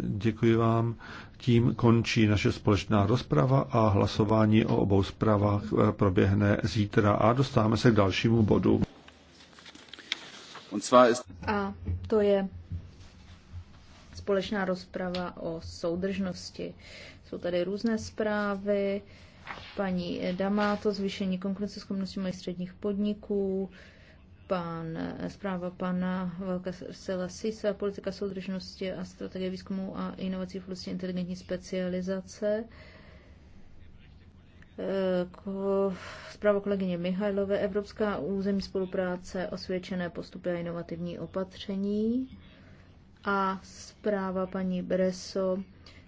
Děkuji vám. Tím končí naše společná rozprava a hlasování o obou zprávách eh, proběhne zítra a dostáváme se k dalšímu bodu. A to je společná rozprava o soudržnosti. Jsou tady různé zprávy. Paní to zvýšení konkurenceschopnosti mají středních podniků, Pan, zpráva pana Velka Sela Sisa, politika soudržnosti a strategie výzkumu a inovací v oblasti inteligentní specializace. Zpráva kolegyně Mihajlové, Evropská územní spolupráce, osvědčené postupy a inovativní opatření. A zpráva paní Breso,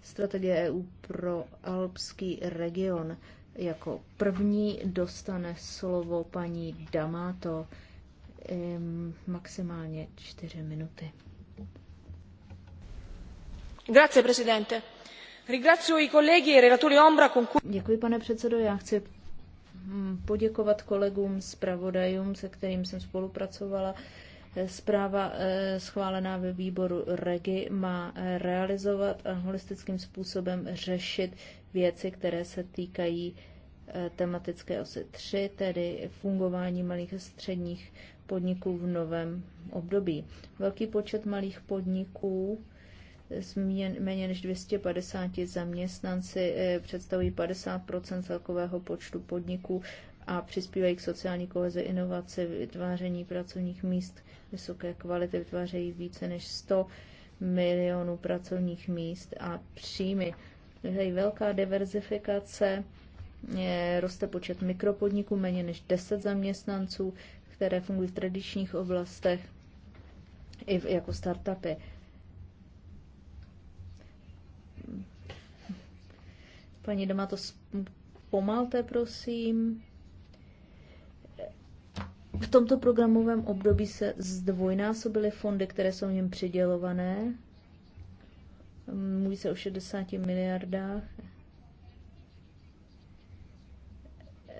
strategie EU pro alpský region. Jako první dostane slovo paní Damato maximálně čtyři minuty. Grazie, presidente. Ringrazio i colleghi e relatori ombra con cui... Děkuji, pane předsedo. Já chci hm, poděkovat kolegům pravodajům, se kterým jsem spolupracovala. Zpráva eh, schválená ve výboru REGI má eh, realizovat a holistickým způsobem řešit věci, které se týkají eh, tematické osy 3, tedy fungování malých a středních podniků v novém období. Velký počet malých podniků s méně než 250 zaměstnanci eh, představují 50 celkového počtu podniků a přispívají k sociální koheze inovaci, vytváření pracovních míst vysoké kvality, vytvářejí více než 100 milionů pracovních míst a příjmy. Je velká diverzifikace, roste počet mikropodniků, méně než 10 zaměstnanců, které fungují v tradičních oblastech i v, jako startupy. Paní doma to pomalte, prosím. V tomto programovém období se zdvojnásobily fondy, které jsou jim přidělované. Mluví se o 60 miliardách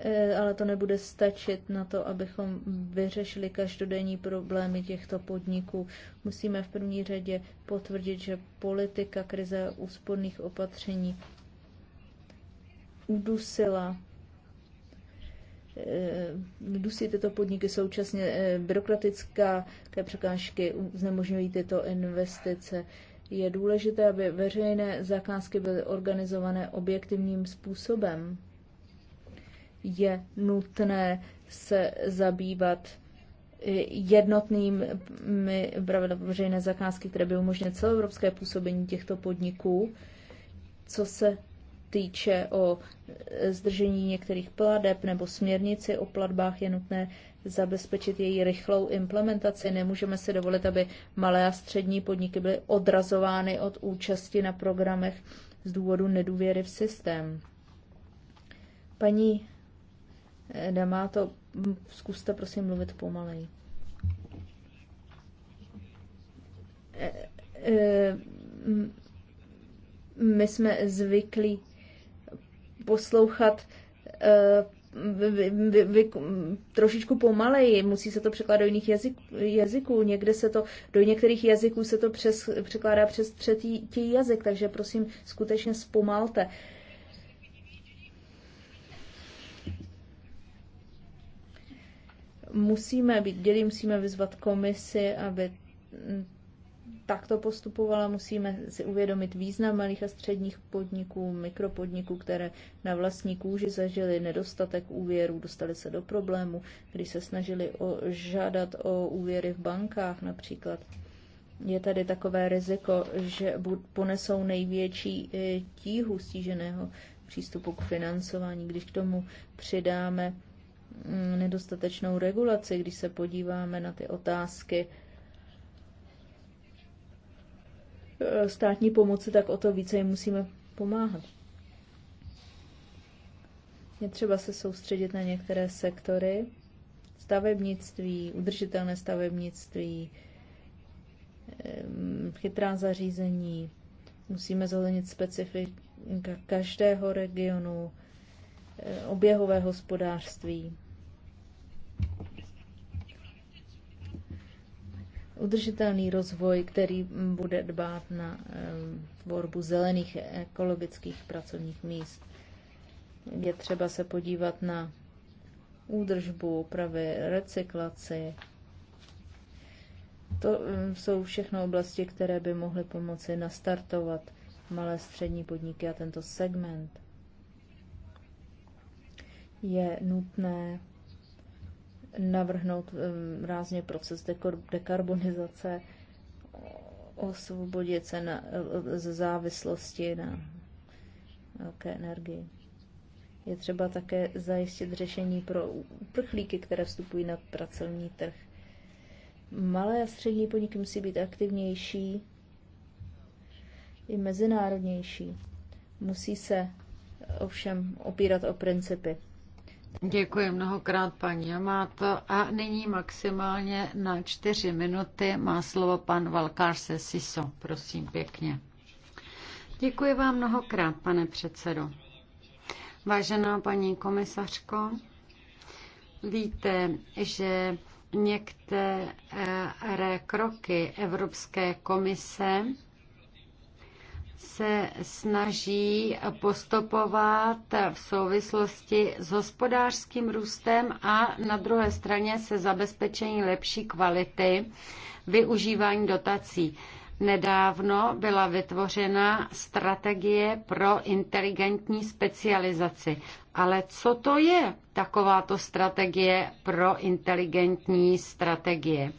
Eh, ale to nebude stačit na to, abychom vyřešili každodenní problémy těchto podniků. Musíme v první řadě potvrdit, že politika krize úsporných opatření udusila eh, dusí tyto podniky současně eh, byrokratická překážky znemožňují tyto investice. Je důležité, aby veřejné zakázky byly organizované objektivním způsobem je nutné se zabývat jednotnými mm, pravidly veřejné zakázky, které by umožnily celoevropské působení těchto podniků. Co se týče o zdržení některých pladeb nebo směrnici o platbách, je nutné zabezpečit její rychlou implementaci. Nemůžeme si dovolit, aby malé a střední podniky byly odrazovány od účasti na programech z důvodu nedůvěry v systém. Paní Nemá to, zkuste prosím mluvit pomaleji. E, e, my jsme zvyklí poslouchat vy, vy, vy, trošičku pomaleji, musí se to překládat do jiných jazyk, jazyků, někde se to, do některých jazyků se to přes, překládá přes třetí jazyk, takže prosím, skutečně zpomalte. Uh, musíme být dělí, musíme vyzvat komisi, aby mm, takto postupovala, musíme si uvědomit význam malých a středních podniků, mikropodniků, které na vlastní kůži zažili nedostatek úvěrů, dostali se do problému, když se snažili o, žádat o úvěry v bankách například. Je tady takové riziko, že ponesou největší eh, tíhu stíženého přístupu k financování, když k tomu přidáme nedostatečnou regulaci, když se podíváme na ty otázky státní pomoci, tak o to více jim musíme pomáhat. Je třeba se soustředit na některé sektory, stavebnictví, udržitelné stavebnictví, chytrá zařízení. Musíme zohlednit specifika každého regionu, e, oběhové hospodářství. udržitelný rozvoj, který mm, bude dbát na tvorbu zelených ekologických pracovních míst. Je třeba se podívat na údržbu, opravy, recyklaci. To jsou všechno oblasti, které by mohly pomoci nastartovat malé střední podniky a tento segment. Je nutné navrhnout eh, rázně proces dekarbonizace, osvobodit se na, eh, ze závislosti na velké energii. Je třeba také zajistit řešení pro uprchlíky, které vstupují na pracovní trh. Malé a střední podniky musí být aktivnější i mezinárodnější. Musí se ovšem opírat o principy. Děkuji mnohokrát, paní Amato. A nyní maximálně na čtyři minuty má slovo pan se Siso. Prosím pěkně. Děkuji vám mnohokrát, pane předsedo. Vážená paní komisařko, víte, že některé kroky Evropské komise se snaží postupovat v souvislosti s hospodářským růstem a na druhé straně se zabezpečení lepší kvality využívání dotací. Nedávno byla vytvořena strategie pro inteligentní specializaci. Ale co to je takováto strategie pro inteligentní strategie?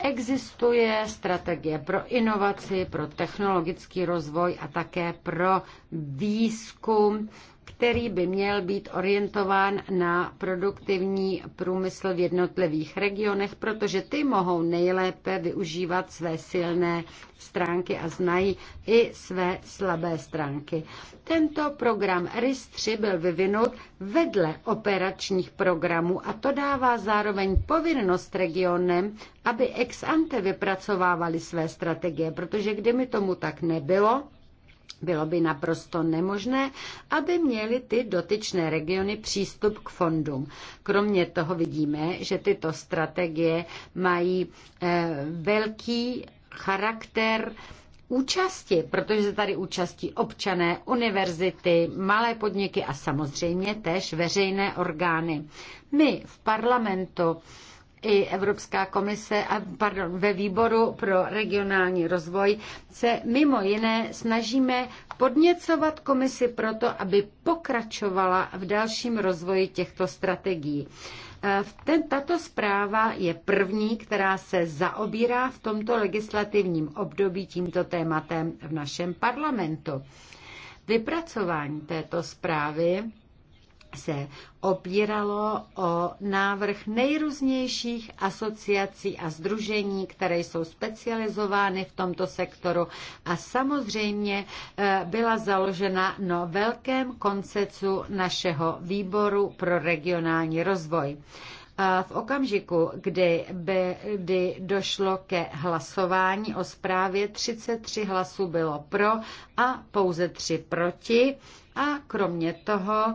Existuje strategie pro inovaci, pro technologický rozvoj a také pro výzkum který by měl být orientován na produktivní průmysl v jednotlivých regionech, protože ty mohou nejlépe využívat své silné stránky a znají i své slabé stránky. Tento program RIS 3 byl vyvinut vedle operačních programů a to dává zároveň povinnost regionem, aby ex ante vypracovávali své strategie, protože kdyby tomu tak nebylo, bylo by naprosto nemožné, aby měly ty dotyčné regiony přístup k fondům. Kromě toho vidíme, že tyto strategie mají eh, velký charakter účasti, protože se tady účastí občané, univerzity, malé podniky a samozřejmě též veřejné orgány. My v parlamentu i Evropská komise a pardon, ve výboru pro regionální rozvoj se mimo jiné snažíme podněcovat komisi proto, aby pokračovala v dalším rozvoji těchto strategií. E, tato zpráva je první, která se zaobírá v tomto legislativním období tímto tématem v našem parlamentu. Vypracování této zprávy se opíralo o návrh nejrůznějších asociací a združení, které jsou specializovány v tomto sektoru a samozřejmě eh, byla založena na velkém koncecu našeho výboru pro regionální rozvoj. A v okamžiku, kdy, by, kdy došlo ke hlasování o zprávě, 33 hlasů bylo pro a pouze 3 proti. A kromě toho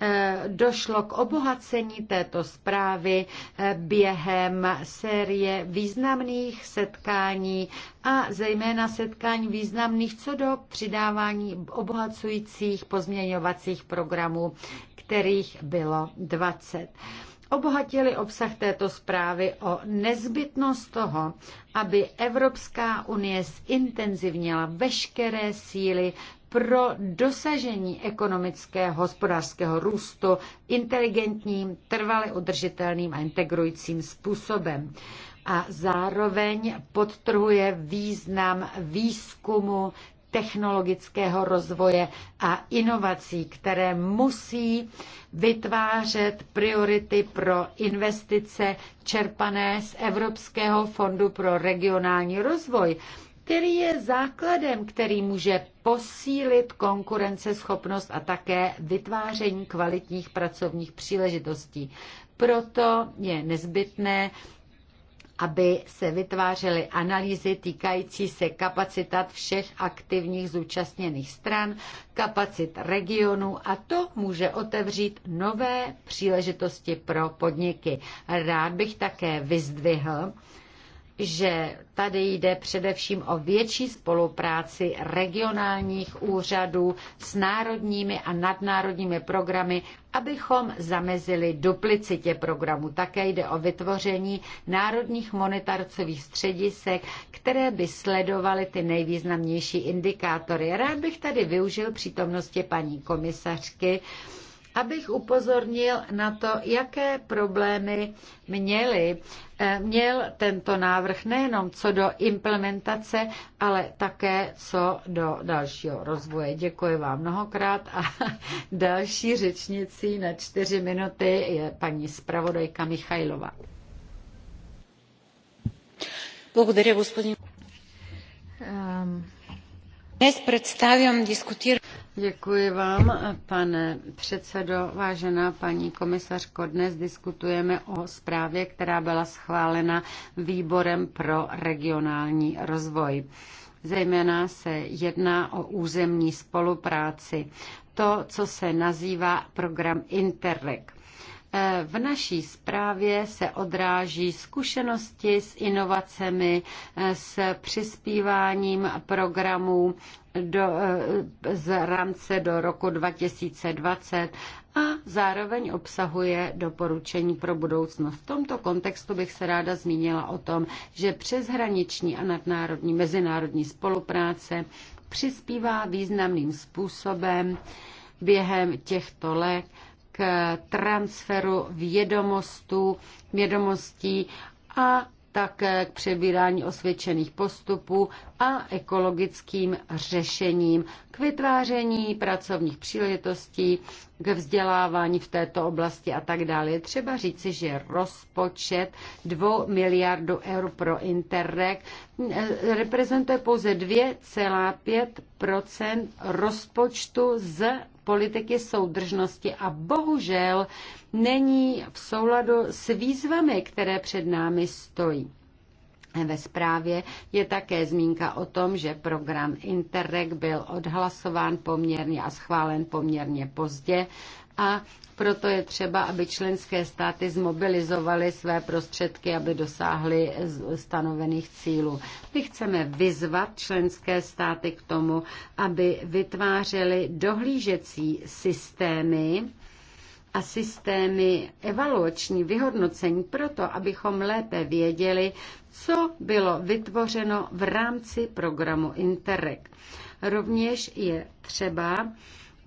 Eh, došlo k obohacení této zprávy eh, během série významných setkání a zejména setkání významných co do přidávání obohacujících pozměňovacích programů, kterých bylo 20 obohatili obsah této zprávy o nezbytnost toho, aby Evropská unie zintenzivněla veškeré síly pro dosažení ekonomického hospodářského růstu inteligentním, trvale udržitelným a integrujícím způsobem. A zároveň podtrhuje význam výzkumu, technologického rozvoje a inovací, které musí vytvářet priority pro investice čerpané z Evropského fondu pro regionální rozvoj který je základem, který může posílit konkurenceschopnost a také vytváření kvalitních pracovních příležitostí. Proto je nezbytné, aby se vytvářely analýzy týkající se kapacitat všech aktivních zúčastněných stran, kapacit regionu a to může otevřít nové příležitosti pro podniky. Rád bych také vyzdvihl, že tady jde především o větší spolupráci regionálních úřadů s národními a nadnárodními programy, abychom zamezili duplicitě programu. Také jde o vytvoření národních monitorcových středisek, které by sledovaly ty nejvýznamnější indikátory. Rád bych tady využil přítomnosti paní komisařky, abych upozornil na to, jaké problémy měly, eh, měl tento návrh nejenom co do implementace, ale také co do dalšího rozvoje. Děkuji vám mnohokrát a další řečnicí na čtyři minuty je paní zpravodajka Michajlova. Благодаря, господин. Ehm. Днес представям дискутирам. Děkuji vám, pane předsedo. Vážená paní komisařko, dnes diskutujeme o zprávě, která byla schválena výborem pro regionální rozvoj. Zejména se jedná o územní spolupráci, to, co se nazývá program Interreg. V naší zprávě se odráží zkušenosti s inovacemi, s přispíváním programů do, z rámce do roku 2020 a zároveň obsahuje doporučení pro budoucnost. V tomto kontextu bych se ráda zmínila o tom, že přeshraniční a nadnárodní mezinárodní spolupráce přispívá významným způsobem během těchto let k transferu vědomostů, vědomostí a také k přebírání osvědčených postupů a ekologickým řešením, k vytváření pracovních příležitostí, k vzdělávání v této oblasti a tak dále. Je třeba říci, že rozpočet 2 miliardů eur pro Interreg eh, reprezentuje pouze 2,5 rozpočtu z politiky soudržnosti a bohužel není v souladu s výzvami, které před námi stojí. Ve zprávě je také zmínka o tom, že program Interreg byl odhlasován poměrně a schválen poměrně pozdě a proto je třeba, aby členské státy zmobilizovaly své prostředky, aby dosáhly stanovených cílů. My chceme vyzvat členské státy k tomu, aby vytvářely dohlížecí systémy, a systémy evaluační vyhodnocení proto, abychom lépe věděli, co bylo vytvořeno v rámci programu Interreg. Rovněž je třeba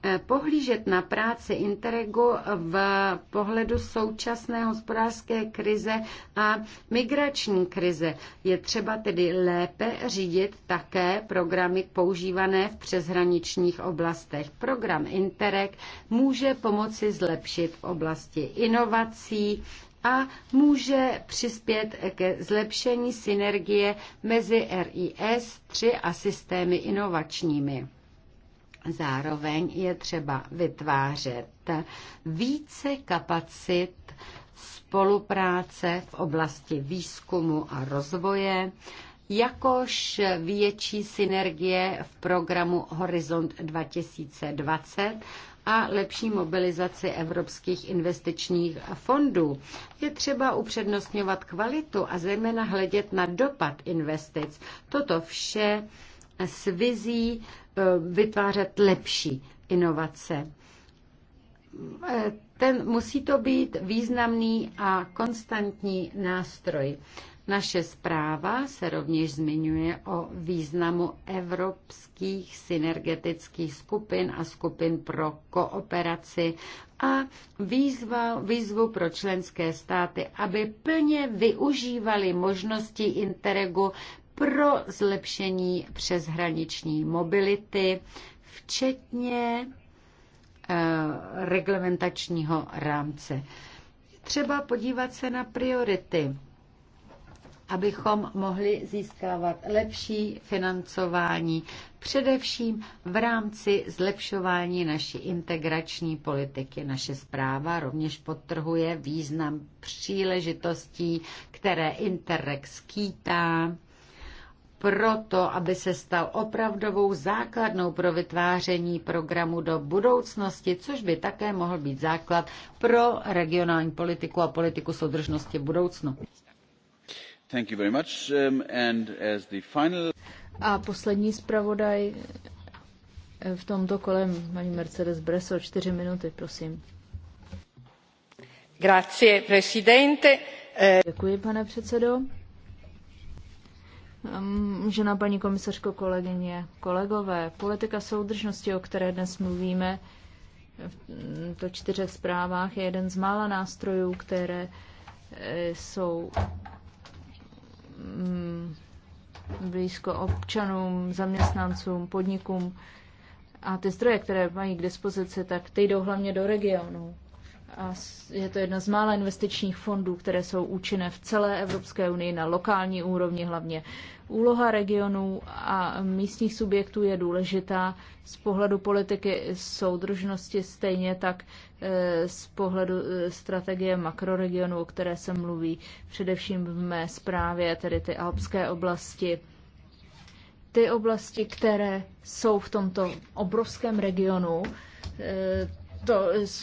Eh, pohlížet na práci Interregu v pohledu současné hospodářské krize a migrační krize. Je třeba tedy lépe řídit také programy používané v přeshraničních oblastech. Program Interreg může pomoci zlepšit v oblasti inovací, a může přispět ke zlepšení synergie mezi RIS 3 a systémy inovačními. Zároveň je třeba vytvářet více kapacit spolupráce v oblasti výzkumu a rozvoje, jakož větší synergie v programu Horizont 2020 a lepší mobilizaci evropských investičních fondů. Je třeba upřednostňovat kvalitu a zejména hledět na dopad investic. Toto vše s vizí eh, vytvářet lepší inovace. Eh, ten musí to být významný a konstantní nástroj. Naše zpráva se rovněž zmiňuje o významu evropských synergetických skupin a skupin pro kooperaci a výzva, výzvu pro členské státy, aby plně využívali možnosti interegu pro zlepšení přeshraniční mobility, včetně eh, reglementačního rámce. Třeba podívat se na priority, abychom mohli získávat lepší financování, především v rámci zlepšování naší integrační politiky. Naše zpráva rovněž podtrhuje význam příležitostí, které Interreg skýtá proto, aby se stal opravdovou základnou pro vytváření programu do budoucnosti, což by také mohl být základ pro regionální politiku a politiku soudržnosti v budoucnu. Thank you very much. Um, and as the final... A poslední zpravodaj eh, v tomto kolem, paní Mercedes Breso, čtyři minuty, prosím. Grazie, presidente. Eh, Děkuji, pane předsedo. Žena paní komisařko, kolegyně, kolegové, politika soudržnosti, o které dnes mluvíme, v to čtyřech zprávách je jeden z mála nástrojů, které e, jsou mm, blízko občanům, zaměstnancům, podnikům. A ty zdroje, které mají k dispozici, tak ty jdou hlavně do regionů. A je to jedna z mála investičních fondů, které jsou účinné v celé Evropské unii na lokální úrovni hlavně. Úloha regionů a místních subjektů je důležitá z pohledu politiky soudržnosti, stejně tak e, z pohledu e, strategie makroregionu, o které se mluví především v mé zprávě, tedy ty alpské oblasti. Ty oblasti, které jsou v tomto obrovském regionu, e, to,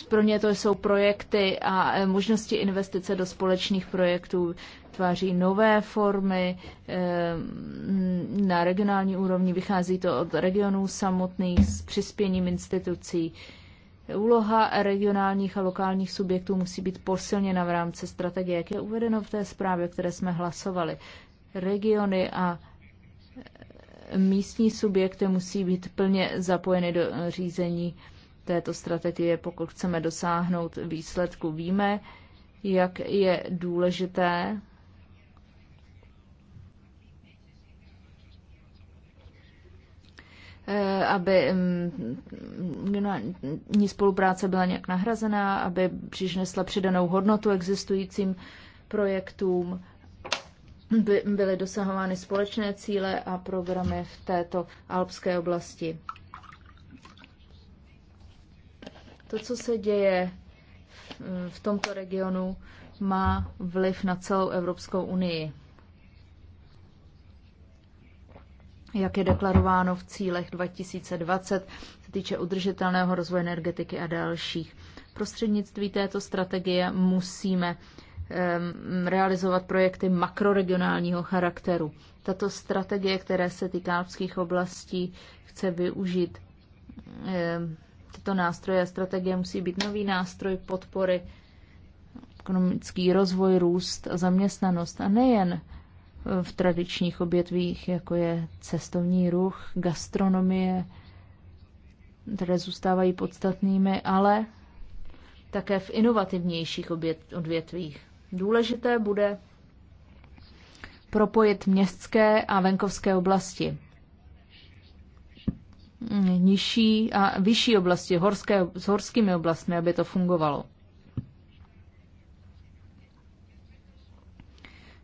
pro mě to jsou projekty a e, možnosti investice do společných projektů tváří nové formy e, na regionální úrovni, vychází to od regionů samotných s přispěním institucí. Úloha regionálních a lokálních subjektů musí být posilněna v rámci strategie, jak je uvedeno v té zprávě, které jsme hlasovali. Regiony a e, místní subjekty musí být plně zapojeny do řízení této strategie, pokud chceme dosáhnout výsledku. Víme, jak je důležité eh, aby mm, ní spolupráce byla nějak nahrazená, aby přišnesla přidanou hodnotu existujícím projektům, by byly dosahovány společné cíle a programy v této alpské oblasti. To, co se děje v tomto regionu, má vliv na celou Evropskou unii. Jak je deklarováno v cílech 2020, se týče udržitelného rozvoje energetiky a dalších. Prostřednictví této strategie musíme realizovat projekty makroregionálního charakteru. Tato strategie, které se týká alpských oblastí, chce využít tyto nástroje a strategie musí být nový nástroj podpory ekonomický rozvoj, růst a zaměstnanost a nejen v tradičních obětvích, jako je cestovní ruch, gastronomie, které zůstávají podstatnými, ale také v inovativnějších odvětvích. Důležité bude propojit městské a venkovské oblasti nižší a vyšší oblasti, horské, s horskými oblastmi, aby to fungovalo.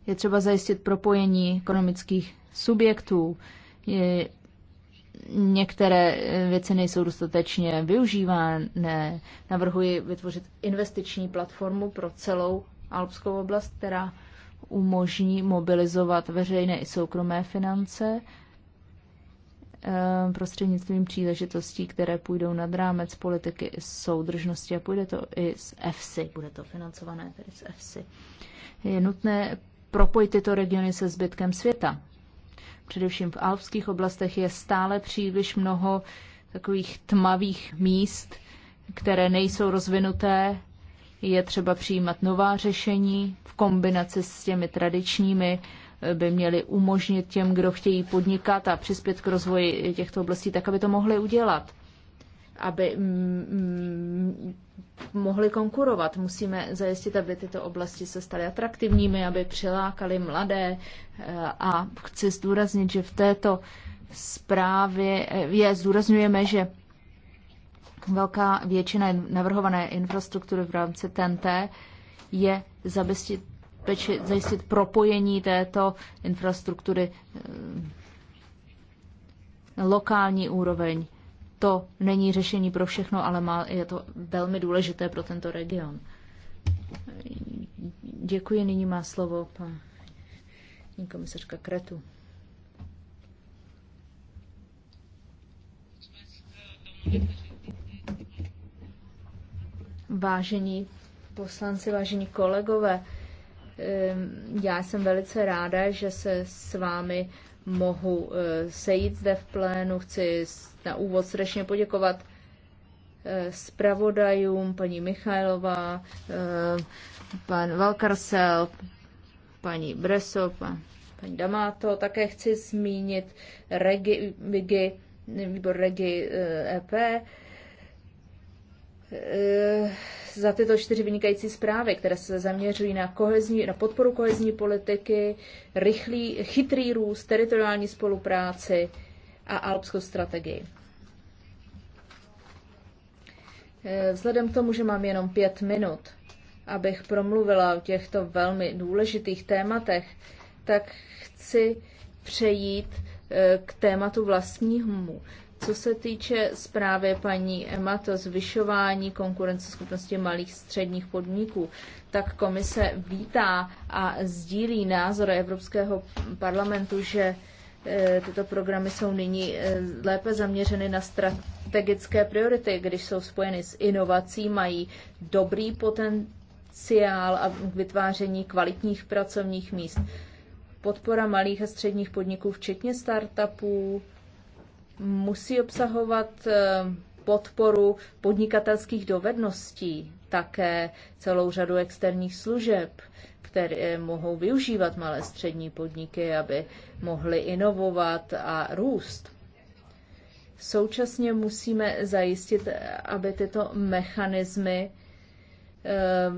Je třeba zajistit propojení ekonomických subjektů. Je, některé eh, věci nejsou dostatečně využívané. Navrhuji vytvořit investiční platformu pro celou alpskou oblast, která umožní mobilizovat veřejné i soukromé finance Eh, prostřednictvím příležitostí, které půjdou nad rámec politiky i soudržnosti a půjde to i z EFSI, bude to financované tedy z EFSI. Je nutné propojit tyto regiony se zbytkem světa. Především v alpských oblastech je stále příliš mnoho takových tmavých míst, které nejsou rozvinuté, je třeba přijímat nová řešení v kombinaci s těmi tradičními by měly umožnit těm, kdo chtějí podnikat a přispět k rozvoji těchto oblastí, tak aby to mohli udělat. Aby mm, mm, mohli konkurovat, musíme zajistit, aby tyto oblasti se staly atraktivními, aby přilákali mladé. Eh, a chci zdůraznit, že v této zprávě eh, je, zdůrazňujeme, že velká většina navrhované infrastruktury v rámci TNT je zabezpečit zabezpečit, zajistit propojení této infrastruktury na eh, lokální úroveň. To není řešení pro všechno, ale má, je to velmi důležité pro tento region. Děkuji, nyní má slovo paní komisařka Kretu. Vážení poslanci, vážení kolegové, Ehm, já jsem velice ráda, že se s vámi mohu eh, sejít zde v plénu. Chci na úvod srdečně poděkovat eh, zpravodajům, paní Michailová, eh, pan Valkarsel, paní Breso, pan, paní Damato. Také chci zmínit regi, vigi, výbor Regi EP e za tyto čtyři vynikající zprávy, které se zaměřují na, kohezní, na podporu kohezní politiky, rychlý, chytrý růst, teritoriální spolupráci a alpskou strategii. Eh, vzhledem k tomu, že mám jenom pět minut, abych promluvila o těchto velmi důležitých tématech, tak chci přejít eh, k tématu vlastnímu. Co se týče zprávy paní to zvyšování konkurenceschopnosti malých středních podniků, tak komise vítá a sdílí názor Evropského parlamentu, že e, tyto programy jsou nyní e, lépe zaměřeny na strategické priority, když jsou spojeny s inovací, mají dobrý potenciál a vytváření kvalitních pracovních míst. Podpora malých a středních podniků, včetně startupů, musí obsahovat eh, podporu podnikatelských dovedností, také celou řadu externích služeb, které eh, mohou využívat malé střední podniky, aby mohly inovovat a růst. Současně musíme zajistit, aby tyto mechanismy eh,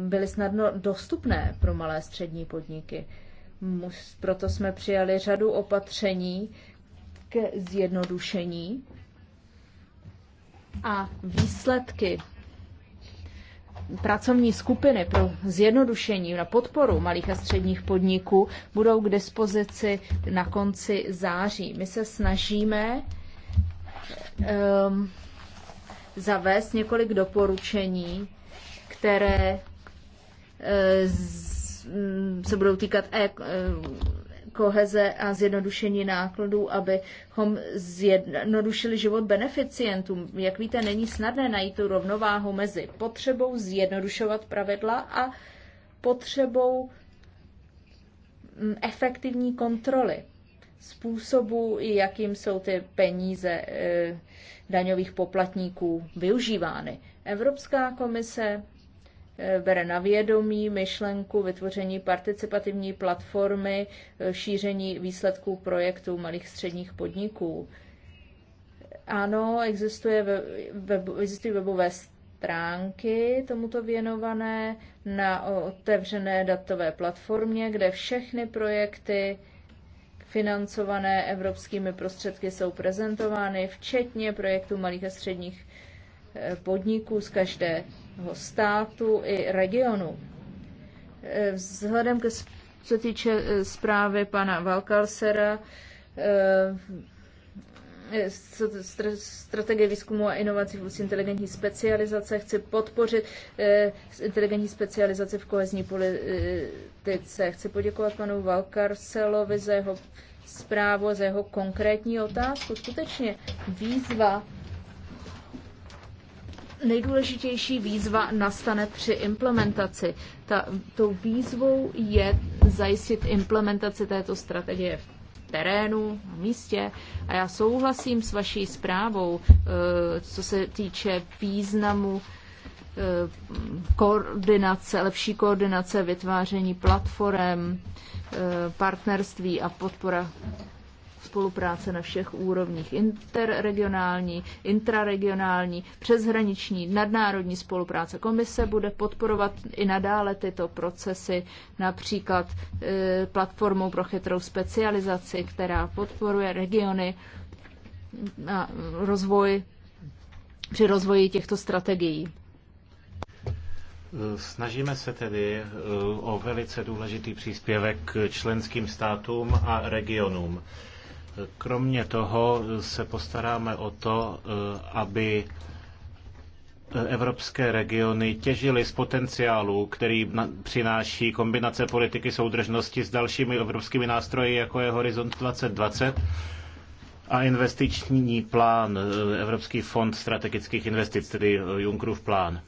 byly snadno dostupné pro malé střední podniky. Proto jsme přijali řadu opatření, ke zjednodušení a výsledky pracovní skupiny pro zjednodušení na podporu malých a středních podniků budou k dispozici na konci září. My se snažíme um, zavést několik doporučení, které um, se budou týkat e, koheze a zjednodušení nákladů, abychom zjednodušili život beneficientům. Jak víte, není snadné najít tu rovnováhu mezi potřebou zjednodušovat pravidla a potřebou mm, efektivní kontroly způsobu, jakým jsou ty peníze eh, daňových poplatníků využívány. Evropská komise Eh, bere na vědomí myšlenku vytvoření participativní platformy, eh, šíření výsledků projektů malých středních podniků. Ano, existuje web, existují webové stránky tomuto věnované na otevřené datové platformě, kde všechny projekty financované evropskými prostředky jsou prezentovány, včetně projektů malých a středních eh, podniků z každé státu i regionu. E, vzhledem ke co týče e, zprávy pana Valkalsera, e, strategie výzkumu a inovací v inteligentní specializace. Chci podpořit inteligentní specializaci v kohezní politice. Chci poděkovat panu Valkarselovi za jeho zprávu, za jeho konkrétní otázku. Skutečně výzva nejdůležitější výzva nastane při implementaci. Ta, tou výzvou je zajistit implementaci této strategie v terénu, na místě. A já souhlasím s vaší zprávou, eh, co se týče významu eh, koordinace, lepší koordinace, vytváření platform, eh, partnerství a podpora spolupráce na všech úrovních. Interregionální, intraregionální, přeshraniční, nadnárodní spolupráce. Komise bude podporovat i nadále tyto procesy, například e, platformou pro chytrou specializaci, která podporuje regiony na rozvoj při rozvoji těchto strategií. Snažíme se tedy e, o velice důležitý příspěvek členským státům a regionům. Kromě toho se postaráme o to, eh, aby eh, evropské regiony těžily z potenciálu, který přináší kombinace politiky soudržnosti s dalšími evropskými nástroji, jako je Horizont 2020 a investiční plán, eh, Evropský fond strategických investic, tedy Junckerův plán.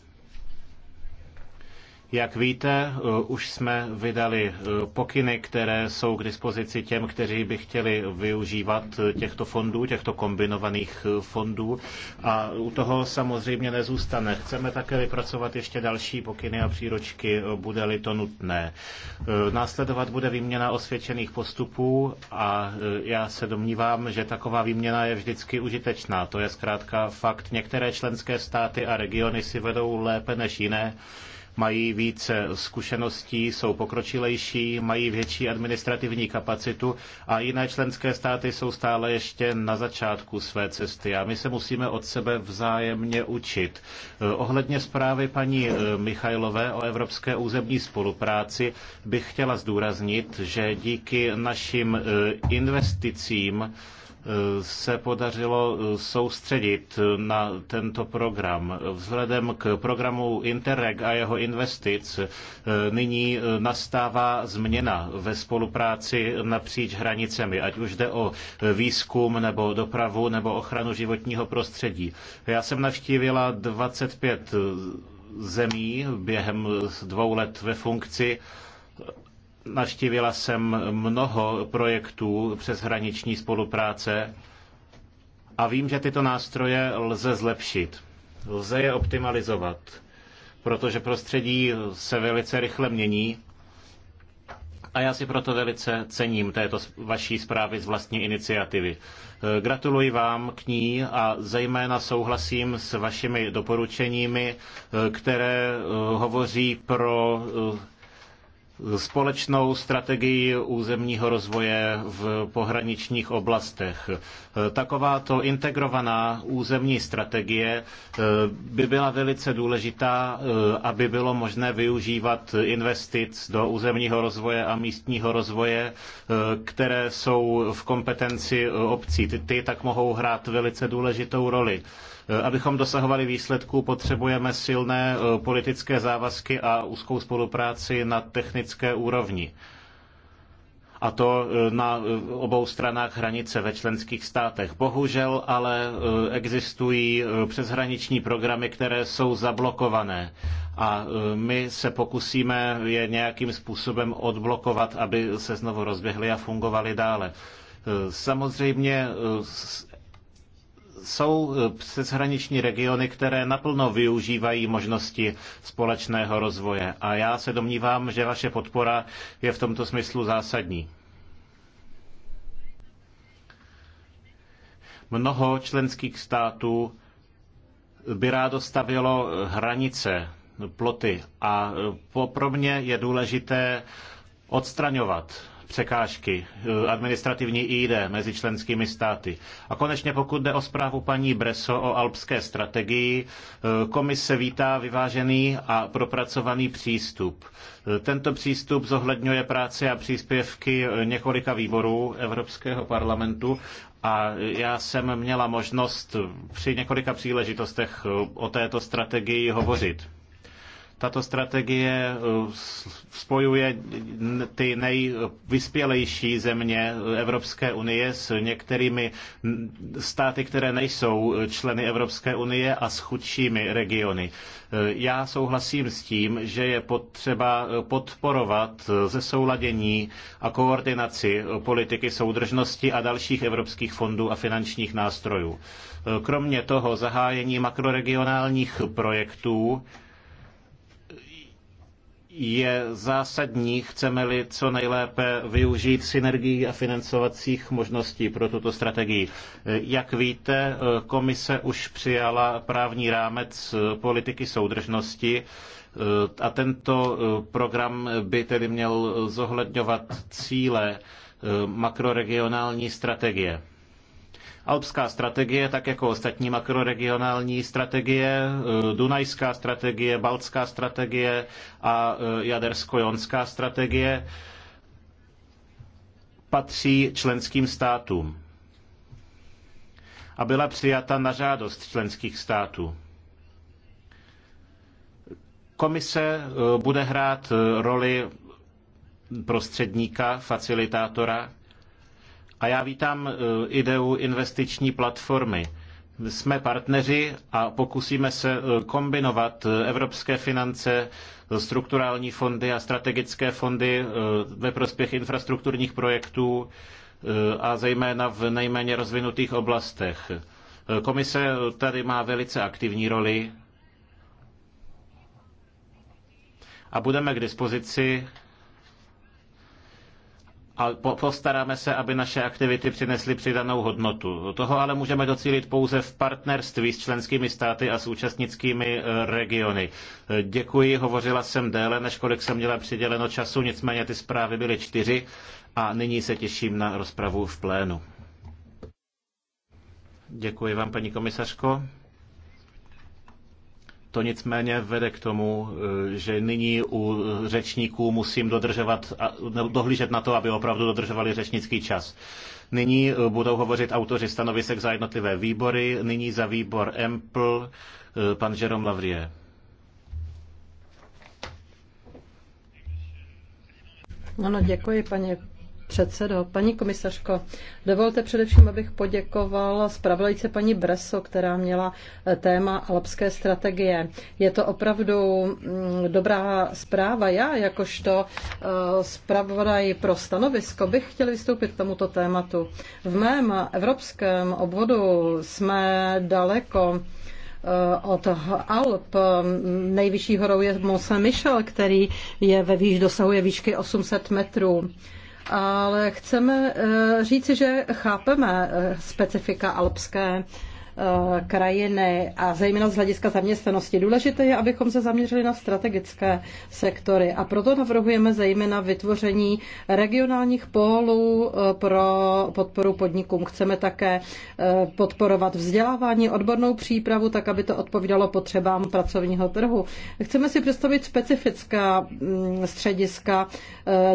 Jak víte, eh, už jsme vydali eh, pokyny, které jsou k dispozici těm, kteří by chtěli využívat eh, těchto fondů, těchto kombinovaných fondů. A u toho samozřejmě nezůstane. Chceme také vypracovat ještě další pokyny a příročky, bude-li to nutné. Následovat bude výměna osvědčených postupů a já se domnívám, že taková výměna je vždycky užitečná. To je zkrátka fakt. Některé členské státy a regiony si vedou lépe než jiné mají více zkušeností, jsou pokročilejší, mají větší administrativní kapacitu a jiné členské státy jsou stále ještě na začátku své cesty a my se musíme od sebe vzájemně učit. Eh, ohledně zprávy paní eh, Michajlové o evropské územní spolupráci bych chtěla zdůraznit, že díky našim eh, investicím se podařilo eh, soustředit eh, na tento program. Vzhledem k programu Interreg a jeho investic eh, nyní nastává změna ve spolupráci napříč hranicemi, ať už jde o výzkum nebo dopravu nebo ochranu životního prostředí. Já jsem navštívila 25 zemí během dvou let ve funkci Navštívila jsem mnoho projektů přeshraniční spolupráce a vím, že tyto nástroje lze zlepšit. Lze je optimalizovat, protože prostředí se velice rychle mění a já si proto velice cením této vaší zprávy z vlastní iniciativy. Eh, gratuluji vám k ní a zejména souhlasím s vašimi doporučeními, eh, které eh, hovoří pro společnou strategii územního rozvoje v pohraničních oblastech. Takováto integrovaná územní strategie eh, by byla velice důležitá, eh, aby bylo možné využívat investic do územního rozvoje a místního rozvoje, eh, které jsou v kompetenci obcí. Ty tak mohou hrát velice důležitou roli. Eh, abychom dosahovali výsledků, potřebujeme silné eh, politické závazky a úzkou spolupráci na technické úrovni a to eh, na obou stranách hranice ve členských státech. Bohužel ale existují přeshraniční programy, které jsou zablokované a my se pokusíme je nějakým způsobem odblokovat, aby se znovu rozběhly a fungovaly dále. Samozřejmě jsou eh, přeshraniční regiony, které naplno využívají možnosti společného rozvoje. A já se domnívám, že vaše podpora je v tomto smyslu zásadní. Mnoho členských států by rádo stavělo eh, hranice, ploty a eh, pro mě je důležité odstraňovat překážky, eh, administrativní ID mezi členskými státy. A konečně pokud jde o zprávu paní Breso o alpské strategii, eh, komise vítá vyvážený a propracovaný přístup. Eh, tento přístup zohledňuje práci a příspěvky několika výborů Evropského parlamentu a já jsem měla možnost při několika příležitostech o této strategii hovořit. Tato strategie eh, spojuje ty nejvyspělejší země Evropské unie s některými státy, které nejsou členy Evropské unie a s chudšími regiony. Eh, já souhlasím s tím, že je potřeba eh, podporovat zesouladění a koordinaci politiky soudržnosti a dalších evropských fondů a finančních nástrojů. Kromě toho zahájení makroregionálních projektů je zásadní, chceme-li co nejlépe využít synergií a financovacích možností pro tuto strategii. Jak víte, komise už přijala právní rámec politiky soudržnosti a tento program by tedy měl zohledňovat cíle makroregionální strategie. Alpská strategie, tak jako ostatní makroregionální strategie, eh, Dunajská strategie, Baltská strategie a eh, Jadersko-Jonská strategie, patří členským státům a byla přijata na žádost členských států. Komise eh, bude hrát roli prostředníka, facilitátora a já vítám e, ideu investiční platformy. Jsme partneři a pokusíme se e, kombinovat e, evropské finance, strukturální fondy a strategické fondy ve prospěch infrastrukturních projektů a zejména v nejméně rozvinutých oblastech. Komise tady má velice aktivní roli a budeme k dispozici a postaráme se, aby naše aktivity přinesly přidanou hodnotu. Toho ale můžeme docílit pouze v partnerství s členskými státy a s účastnickými eh, regiony. Eh, děkuji, hovořila jsem déle, než kolik jsem měla přiděleno času, nicméně ty zprávy byly čtyři a nyní se těším na rozpravu v plénu. Děkuji vám, paní komisařko. To nicméně vede k tomu, eh, že nyní u řečníků musím dodržovat, dohlížet na to, aby opravdu dodržovali řečnický čas. Nyní eh, budou hovořit autoři stanovisek za jednotlivé výbory. Nyní za výbor EMPL eh, pan Jerome Lavrie. Ano, děkuji, paní předsedo, paní komisařko, dovolte především, abych poděkoval zpravodajce paní Breso, která měla eh, téma alpské strategie. Je to opravdu mm, dobrá zpráva. Já, jakožto eh, zpravodaj pro stanovisko, bych chtěl vystoupit k tomuto tématu. V mém evropském obvodu jsme daleko eh, od Alp. Nejvyšší horou je Mont Saint-Michel, který je ve výš, dosahuje výšky 800 metrů ale chceme eh, říci, že chápeme eh, specifika alpské Eh, krajiny a zejména z hlediska zaměstnanosti. Důležité je, abychom se zaměřili na strategické sektory a proto navrhujeme zejména vytvoření regionálních pólů eh, pro podporu podnikům. Chceme také eh, podporovat vzdělávání, odbornou přípravu, tak aby to odpovídalo potřebám pracovního trhu. Chceme si představit specifická mm, střediska,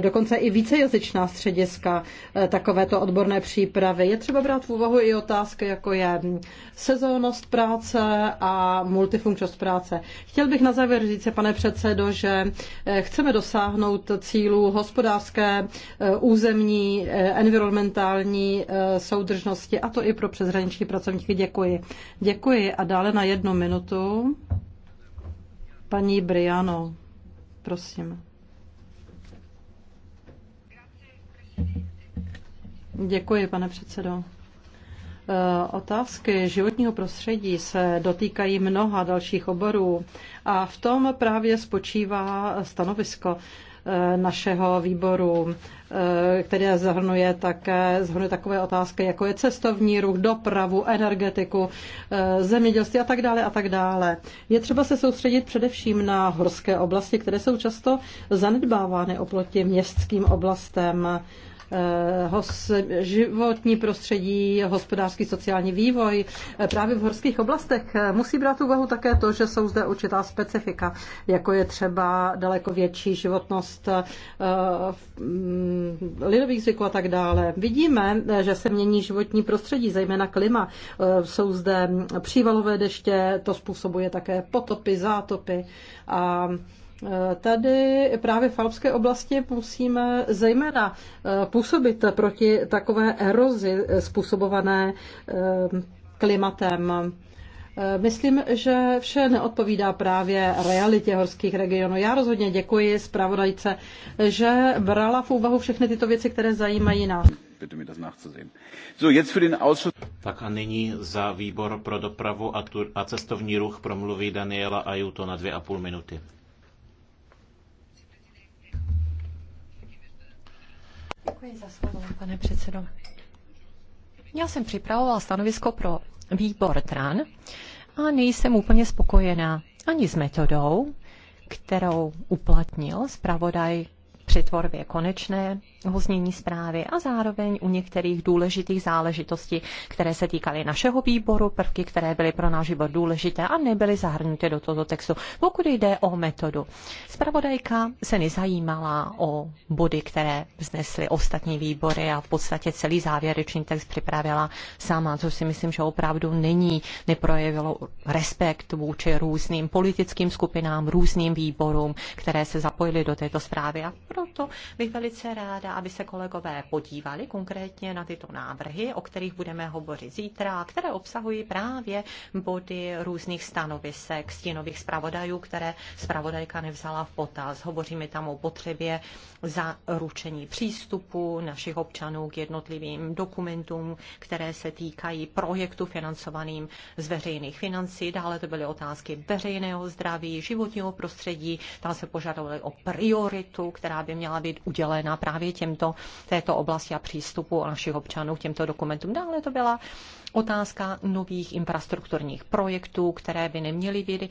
dokonce i vícejazyčná střediska takovéto odborné přípravy. Je třeba brát v úvahu i otázky, jako je sezónnost práce a multifunkčnost práce. Chtěl bych na závěr říct, pane předsedo, že eh, chceme dosáhnout cílů hospodářské, eh, územní, eh, environmentální soudržnosti a to i pro přeshraniční pracovníky. Děkuji. Děkuji a dále na jednu minutu paní Briano. Prosím. Děkuji, pane předsedo. Eh, otázky životního prostředí se dotýkají mnoha dalších oborů a v tom právě spočívá stanovisko eh, našeho výboru, eh, které zahrnuje také zahrnuje takové otázky, jako je cestovní ruch, dopravu, energetiku, zemědělství a tak dále a tak dále. Je třeba se soustředit především na horské oblasti, které jsou často zanedbávány oproti městským oblastem. Eh, životní prostředí, hospodářský sociální vývoj. Eh, právě v horských oblastech eh, musí brát úvahu také to, že jsou zde určitá specifika, jako je třeba daleko větší životnost mm, lidových zvyků a tak dále. Vidíme, že se mění životní prostředí, zejména klima. Jsou zde přívalové deště, to způsobuje také potopy, zátopy a Tady právě v Alpské oblasti musíme zejména eh, působit proti takové erozi eh, způsobované eh, klimatem. Myslím, že vše neodpovídá právě realitě horských regionů. Já rozhodně děkuji zpravodajce, že brala v úvahu všechny tyto věci, které zajímají nás. Tak a nyní za výbor pro dopravu a, a cestovní ruch promluví Daniela Ajuto na dvě a půl minuty. Děkuji za slovo, pane předsedo. Já jsem připravovala stanovisko pro výbor TRAN a nejsem úplně spokojená ani s metodou, kterou uplatnil zpravodaj při tvorbě konečné hoznění zprávy a zároveň u některých důležitých záležitostí, které se týkaly našeho výboru, prvky, které byly pro náš výbor důležité a nebyly zahrnuty do tohoto textu. Pokud jde o metodu, zpravodajka se nezajímala o body, které vznesly ostatní výbory a v podstatě celý závěrečný text připravila sama, což si myslím, že opravdu není, neprojevilo respekt vůči různým politickým skupinám, různým výborům, které se zapojily do této zprávy. A pro proto bych velice ráda, aby se kolegové podívali konkrétně na tyto návrhy, o kterých budeme hovořit zítra, které obsahují právě body různých stanovisek, stínových zpravodajů, které zpravodajka nevzala v potaz. Hovoříme tam o potřebě zaručení přístupu našich občanů k jednotlivým dokumentům, které se týkají projektu financovaným z veřejných financí. Dále to byly otázky veřejného zdraví, životního prostředí. Tam se požadovali o prioritu, která by by měla být udělena právě těmto, této oblasti a přístupu našich občanů k těmto dokumentům. Dále to byla otázka nových infrastrukturních projektů, které by neměly být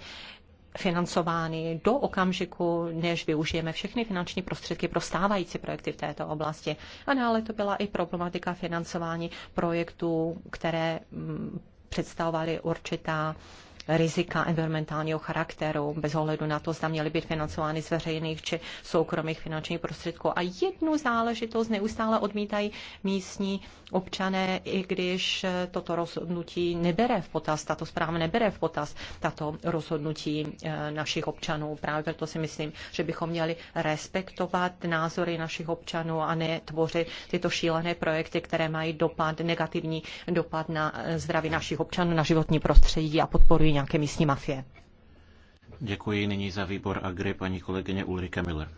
financovány do okamžiku, než využijeme všechny finanční prostředky pro stávající projekty v této oblasti. A dále to byla i problematika financování projektů, které mm, představovaly určitá rizika environmentálního charakteru, bez ohledu na to, zda měly být financovány z veřejných či soukromých finančních prostředků. A jednu záležitost neustále odmítají místní občané, i když toto rozhodnutí nebere v potaz, tato zpráva nebere v potaz tato rozhodnutí eh, našich občanů. Právě proto si myslím, že bychom měli respektovat názory našich občanů a ne tvořit tyto šílené projekty, které mají dopad, negativní dopad na eh, zdraví našich občanů, na životní prostředí a podporují nějaké místní mafie. Děkuji nyní za výbor Agri paní kolegyně Ulrike Miller.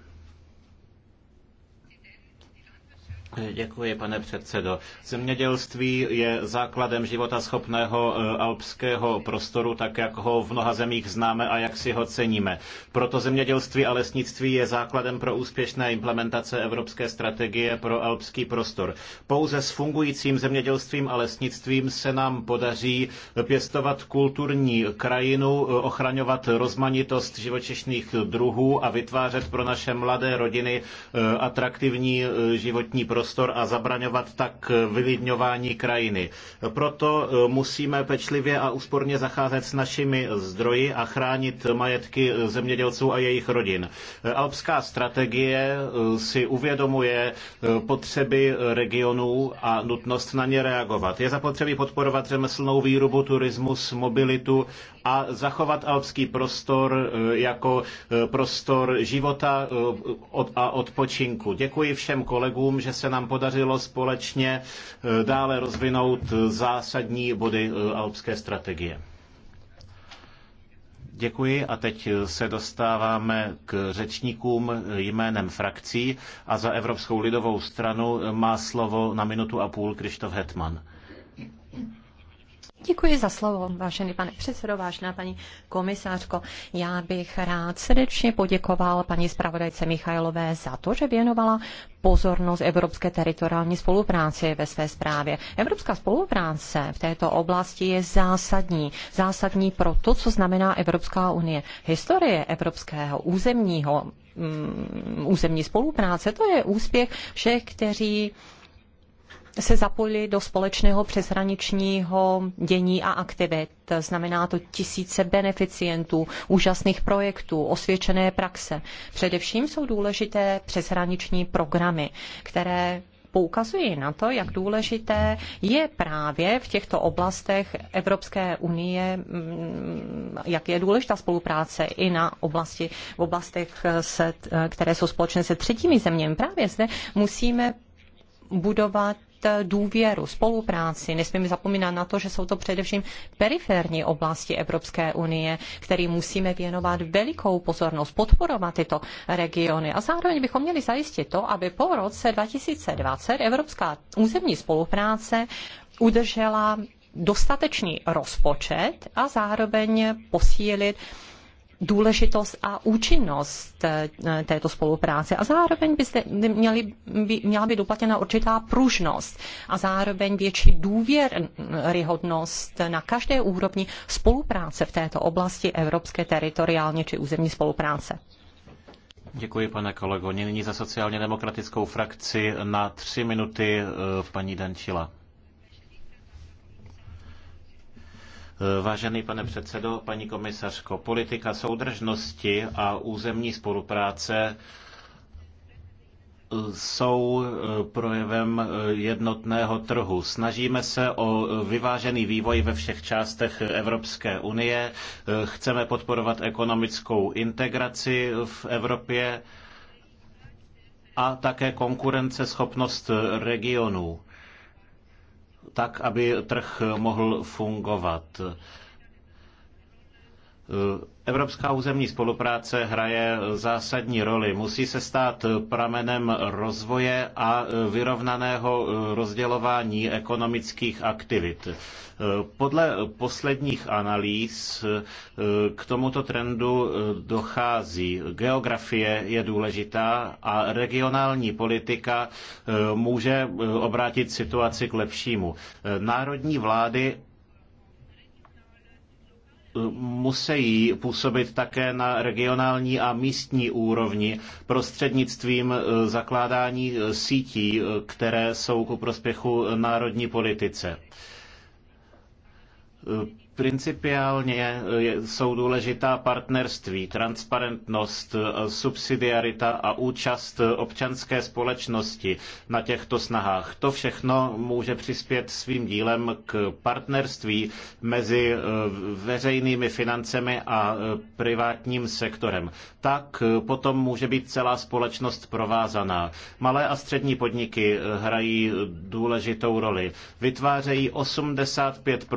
Děkuji, pane předsedo. Zemědělství je základem života schopného eh, alpského prostoru, tak jak ho v mnoha zemích známe a jak si ho ceníme. Proto zemědělství a lesnictví je základem pro úspěšné implementace Evropské strategie pro alpský prostor. Pouze s fungujícím zemědělstvím a lesnictvím se nám podaří pěstovat kulturní krajinu, eh, ochraňovat rozmanitost živočišných druhů a vytvářet pro naše mladé rodiny eh, atraktivní životní prostředí prostor a zabraňovat tak vylidňování krajiny. Proto e, musíme pečlivě a úsporně zacházet s našimi zdroji a chránit majetky zemědělců a jejich rodin. E, Alpská strategie e, si uvědomuje potřeby regionů a nutnost na ně reagovat. Je zapotřebí podporovat řemeslnou výrobu, turismus, mobilitu a zachovat alpský prostor e, jako e, prostor života e, a odpočinku. Děkuji všem kolegům, že se nám podařilo společně dále rozvinout zásadní body alpské strategie. Děkuji a teď se dostáváme k řečníkům jménem frakcí a za Evropskou lidovou stranu má slovo na minutu a půl Krištof Hetman. Děkuji za slovo, vážený pane předsedo, vážená paní komisářko. Já bych rád srdečně poděkoval paní zpravodajce Michailové za to, že věnovala pozornost evropské teritoriální spolupráci ve své zprávě. Evropská spolupráce v této oblasti je zásadní. Zásadní pro to, co znamená Evropská unie. Historie evropského územního mm, územní spolupráce, to je úspěch všech, kteří se zapojili do společného přeshraničního dění a aktivit. Znamená to tisíce beneficientů, úžasných projektů, osvědčené praxe. Především jsou důležité přeshraniční programy, které poukazují na to, jak důležité je právě v těchto oblastech Evropské unie, mm, jak je důležitá spolupráce i na oblasti, v oblastech, se, které jsou společné se třetími zeměmi. Právě zde musíme budovat Eh, důvěru, spolupráci. Nesmíme zapomínat na to, že jsou to především periferní oblasti Evropské unie, kterým musíme věnovat velikou pozornost, podporovat tyto regiony. A zároveň bychom měli zajistit to, aby po roce 2020 Evropská územní spolupráce udržela dostatečný rozpočet a zároveň posílit důležitost a účinnost eh, této spolupráce. A zároveň by zde měli, by, měla být uplatněna určitá pružnost a zároveň větší důvěryhodnost na každé úrovni spolupráce v této oblasti evropské teritoriálně či územní spolupráce. Děkuji, pane kolego. Nyní za sociálně demokratickou frakci na tři minuty eh, paní Dančila. Vážený pane předsedo, paní komisařko, politika soudržnosti a územní spolupráce jsou eh, projevem eh, jednotného trhu. Snažíme se o eh, vyvážený vývoj ve všech částech Evropské unie. Chceme podporovat ekonomickou integraci v Evropě a také konkurenceschopnost regionů tak, aby trh mohl fungovat. Evropská územní spolupráce hraje zásadní roli. Musí se stát pramenem rozvoje a vyrovnaného rozdělování ekonomických aktivit. Podle posledních analýz k tomuto trendu dochází. Geografie je důležitá a regionální politika může obrátit situaci k lepšímu. Národní vlády musí působit také na regionální a místní úrovni prostřednictvím e, zakládání e, sítí, e, které jsou ku prospěchu národní politice Principiálně jsou důležitá partnerství, transparentnost, subsidiarita a účast občanské společnosti na těchto snahách. To všechno může přispět svým dílem k partnerství mezi eh, veřejnými financemi a eh, privátním sektorem. Tak eh, potom může být celá společnost provázaná. Malé a střední podniky hrají důležitou roli. Vytvářejí 85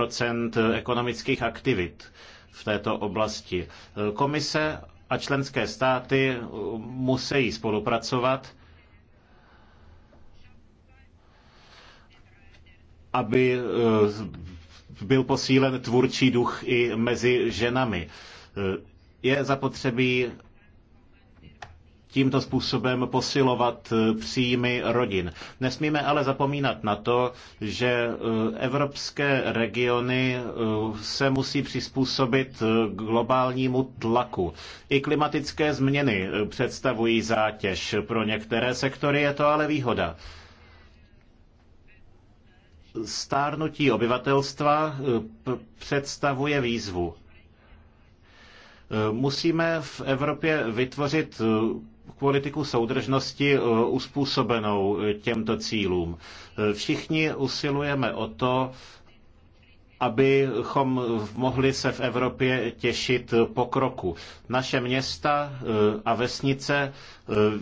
ekonomického ekonomických aktivit v této oblasti. Komise a členské státy musí spolupracovat, aby eh, byl posílen tvůrčí duch i mezi ženami. Eh, je zapotřebí tímto způsobem posilovat eh, příjmy rodin. Nesmíme ale zapomínat na to, že eh, evropské regiony eh, se musí přizpůsobit globálnímu tlaku. I klimatické změny představují zátěž. Pro některé sektory je to ale výhoda stárnutí obyvatelstva představuje výzvu. Musíme v Evropě vytvořit politiku soudržnosti eh, uspůsobenou eh, těmto cílům. Eh, všichni usilujeme o to, abychom mohli se v Evropě těšit pokroku. Naše města a vesnice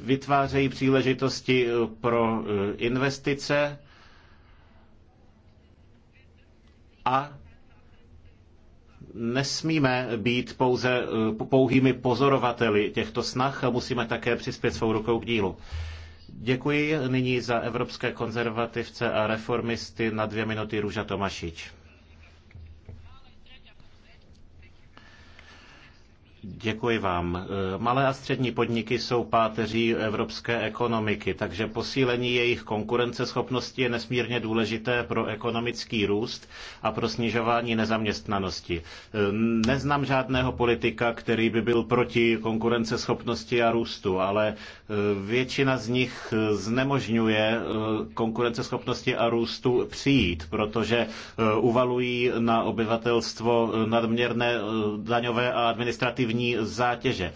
vytvářejí příležitosti pro investice a nesmíme být pouze eh, pouhými pozorovateli těchto snah a musíme také přispět svou rukou k dílu. Děkuji nyní za evropské konzervativce a reformisty na dvě minuty Růža Tomašič. Děkuji vám. E, malé a střední podniky jsou páteří evropské ekonomiky, takže posílení jejich konkurenceschopnosti je nesmírně důležité pro ekonomický růst a pro snižování nezaměstnanosti. E, neznám žádného politika, který by byl proti konkurenceschopnosti a růstu, ale e, většina z nich znemožňuje konkurenceschopnosti a růstu přijít, protože uvalují na obyvatelstvo nadměrné daňové a administrativní administrativní zátěže.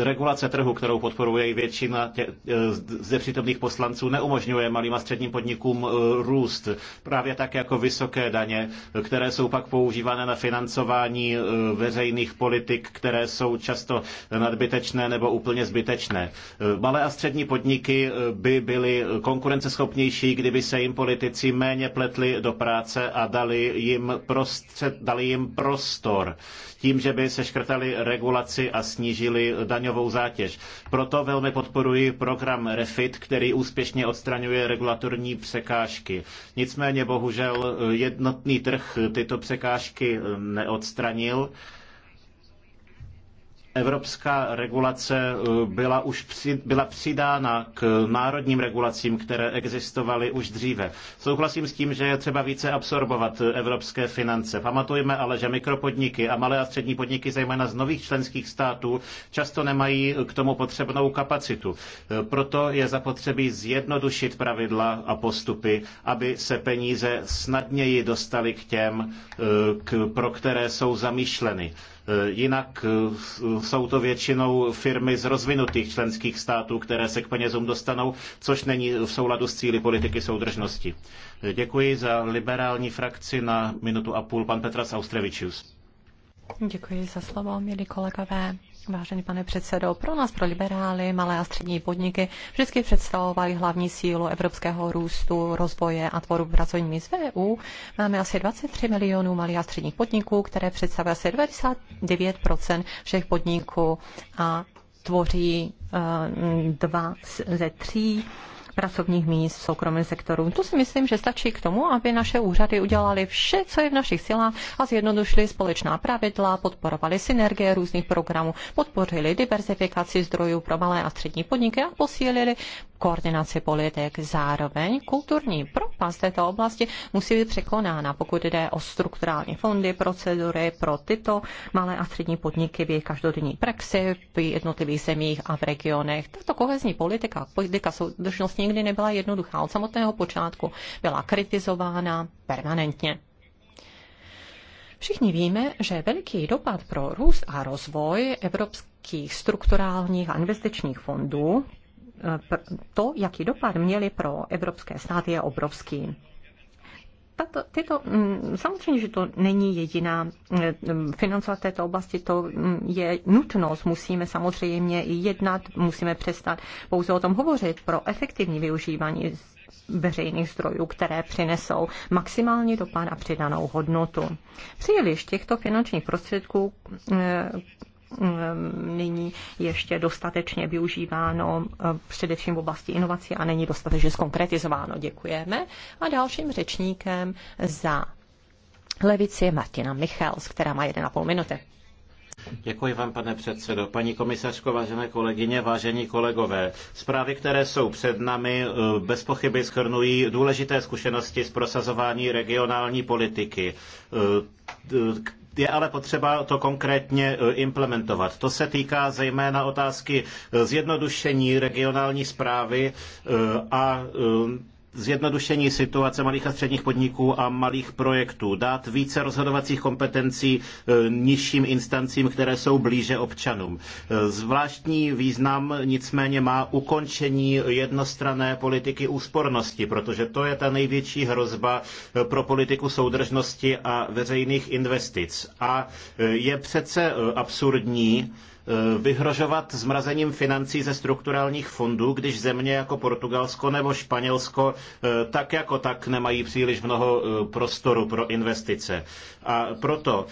Eh, regulace trhu, kterou podporuje i většina tě, eh, ze přítomných poslanců, neumožňuje malým a středním podnikům eh, růst. Právě tak jako vysoké daně, které jsou pak používané na financování veřejných politik, které jsou často nadbytečné nebo úplně zbytečné. Malé a střední podniky by byly konkurenceschopnější, kdyby se jim politici méně pletli do práce a dali jim, prostřed, dali jim prostor tím, že by seškrtali regulaci a snížili daňovou zátěž. Proto velmi podporuji program REFIT, který úspěšně odstraňuje regulatorní překážky. Nicméně bohužel jednotný trh tyto překážky neodstranil evropská regulace eh, byla už při, byla přidána k národním regulacím, které existovaly už dříve. Souhlasím s tím, že je třeba více absorbovat eh, evropské finance. Pamatujme ale, že mikropodniky a malé a střední podniky, zejména z nových členských států, často nemají eh, k tomu potřebnou kapacitu. Proto je zapotřebí zjednodušit pravidla a postupy, aby se peníze snadněji dostaly k těm, k, pro které jsou zamýšleny. Eh, jinak eh, jsou to většinou firmy z rozvinutých členských států, které se k penězům dostanou, což není v souladu s cíli politiky soudržnosti. Eh, děkuji za liberální frakci na minutu a půl pan Petras Austrevičius. Děkuji za slovo, milí kolegové. Vážený pane předsedo, pro nás, pro liberály, malé a střední podniky vždycky představovaly hlavní sílu evropského růstu, rozvoje a tvorby pracovní míst v EU. Máme asi 23 milionů malých a středních podniků, které představují asi 99 všech podniků a tvoří eh, dva ze tří pracovních míst v soukromém sektoru. To si myslím, že stačí k tomu, aby naše úřady udělali vše, co je v našich silách a zjednodušili společná pravidla, podporovali synergie různých programů, podpořili diversifikaci zdrojů pro malé a střední podniky a posílili koordinaci politik. Zároveň kulturní propast této oblasti musí být překonána, pokud jde o strukturální fondy, procedury pro tyto malé a střední podniky v jejich každodenní praxi v jednotlivých zemích a v regionech. Tato kohezní politika, politika soudržnosti nikdy nebyla jednoduchá. Od samotného počátku byla kritizována permanentně. Všichni víme, že veliký dopad pro růst a rozvoj evropských strukturálních a investičních fondů, eh, to, jaký dopad měli pro evropské státy, je obrovský tato, tyto, mm, samozřejmě, že to není jediná mm, mm, financovat této oblasti, to je nutnost. Musíme samozřejmě i jednat, musíme přestat pouze o tom hovořit pro efektivní využívání veřejných zdrojů, které přinesou maximální dopad a přidanou hodnotu. Příliš těchto finančních prostředků Ehm, nyní ještě dostatečně využíváno eh, především v oblasti inovací a není dostatečně zkonkretizováno. Děkujeme. A dalším řečníkem za levici je Martina Michels, která má 1,5 minuty. Děkuji vám, pane předsedo. Paní komisařko, vážené kolegyně, vážení kolegové, zprávy, které jsou před námi, eh, bez pochyby schrnují důležité zkušenosti z prosazování regionální politiky eh, je ale potřeba to konkrétně e, implementovat. To se týká zejména otázky e, zjednodušení regionální správy e, a zjednodušení situace malých a středních podniků a malých projektů, dát více rozhodovacích kompetencí e, nižším instancím, které jsou blíže občanům. E, zvláštní význam nicméně má ukončení jednostrané politiky úspornosti, protože to je ta největší hrozba e, pro politiku soudržnosti a veřejných investic. A je přece absurdní, Eh, vyhrožovat zmrazením financí ze strukturálních fondů, když země jako Portugalsko nebo Španělsko eh, tak jako tak nemají příliš mnoho eh, prostoru pro investice. A proto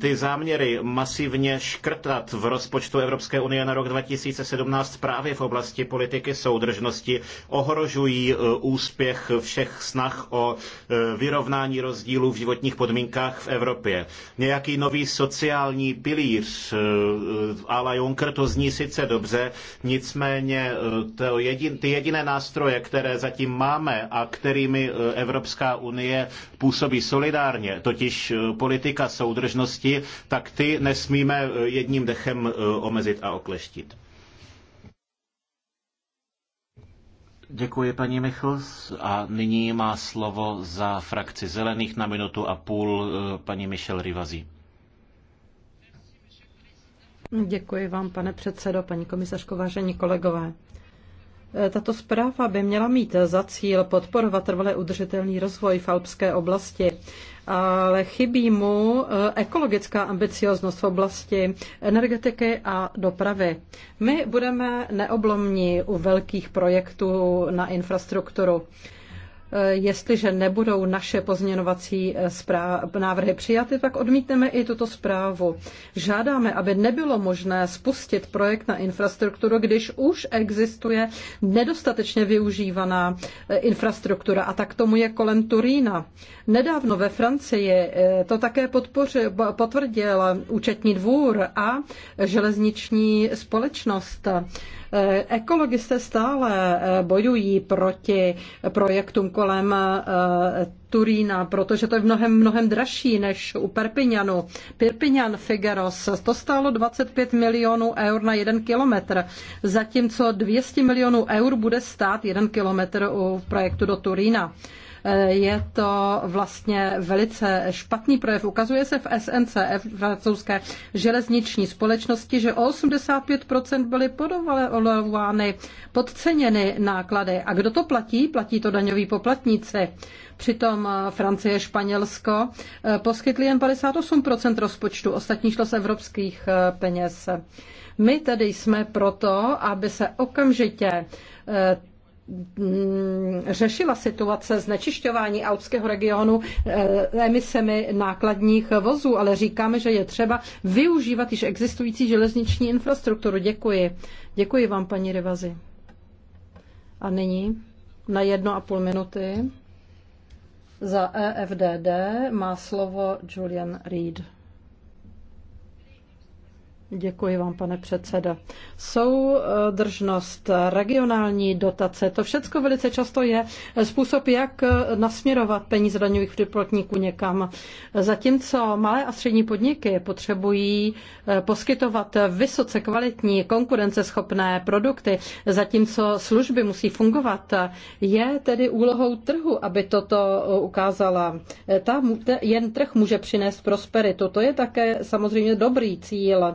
ty záměry masivně škrtat v rozpočtu Evropské unie na rok 2017 právě v oblasti politiky soudržnosti ohrožují úspěch všech snah o vyrovnání rozdílů v životních podmínkách v Evropě. Nějaký nový sociální pilíř ala Juncker, to zní sice dobře, nicméně eh, to jedin, ty jediné nástroje, které zatím máme a kterými eh, Evropská unie působí solidárně, totiž eh, politika soudržnosti, tak ty nesmíme jedním dechem omezit a okleštit. Děkuji, paní Michls. A nyní má slovo za frakci Zelených na minutu a půl paní Michel Rivazi. Děkuji vám, pane předsedo, paní komisařko, vážení kolegové. Tato zpráva by měla mít za cíl podporovat trvalé udržitelný rozvoj v alpské oblasti, ale chybí mu e, ekologická ambicioznost v oblasti energetiky a dopravy. My budeme neoblomní u velkých projektů na infrastrukturu. Eh, jestliže nebudou naše pozměňovací eh, návrhy přijaty, tak odmítneme i tuto zprávu. Žádáme, aby nebylo možné spustit projekt na infrastrukturu, když už existuje nedostatečně využívaná eh, infrastruktura. A tak tomu je kolem Turína. Nedávno ve Francii to také potvrdil účetní dvůr a železniční společnost. Ekologisté stále bojují proti projektům kolem eh, Turína, protože to je mnohem, mnohem dražší než u Perpignanu. Perpignan Figueros, to stálo 25 milionů eur na jeden kilometr, zatímco 200 milionů eur bude stát jeden kilometr u projektu do Turína. Je to vlastně velice špatný projev. Ukazuje se v SNCF, v francouzské železniční společnosti, že o 85% byly podovalovány, podceněny náklady. A kdo to platí? Platí to daňoví poplatníci. Přitom Francie, Španělsko eh, poskytli jen 58% rozpočtu, ostatní šlo z evropských eh, peněz. My tedy jsme proto, aby se okamžitě eh, Mm, řešila situace znečišťování autského regionu eh, emisemi nákladních vozů, ale říkáme, že je třeba využívat již existující železniční infrastrukturu. Děkuji. Děkuji vám, paní Rivazi. A nyní na jedno a půl minuty za EFDD má slovo Julian Reed. Děkuji vám, pane předseda. držnost, regionální dotace, to všechno velice často je způsob, jak nasměrovat peníze daňových připlatníků někam. Zatímco malé a střední podniky potřebují eh, poskytovat vysoce kvalitní, konkurenceschopné produkty, zatímco služby musí fungovat, je tedy úlohou trhu, aby toto eh, ukázala. Ta, jen trh může přinést prosperitu. To je také samozřejmě dobrý cíl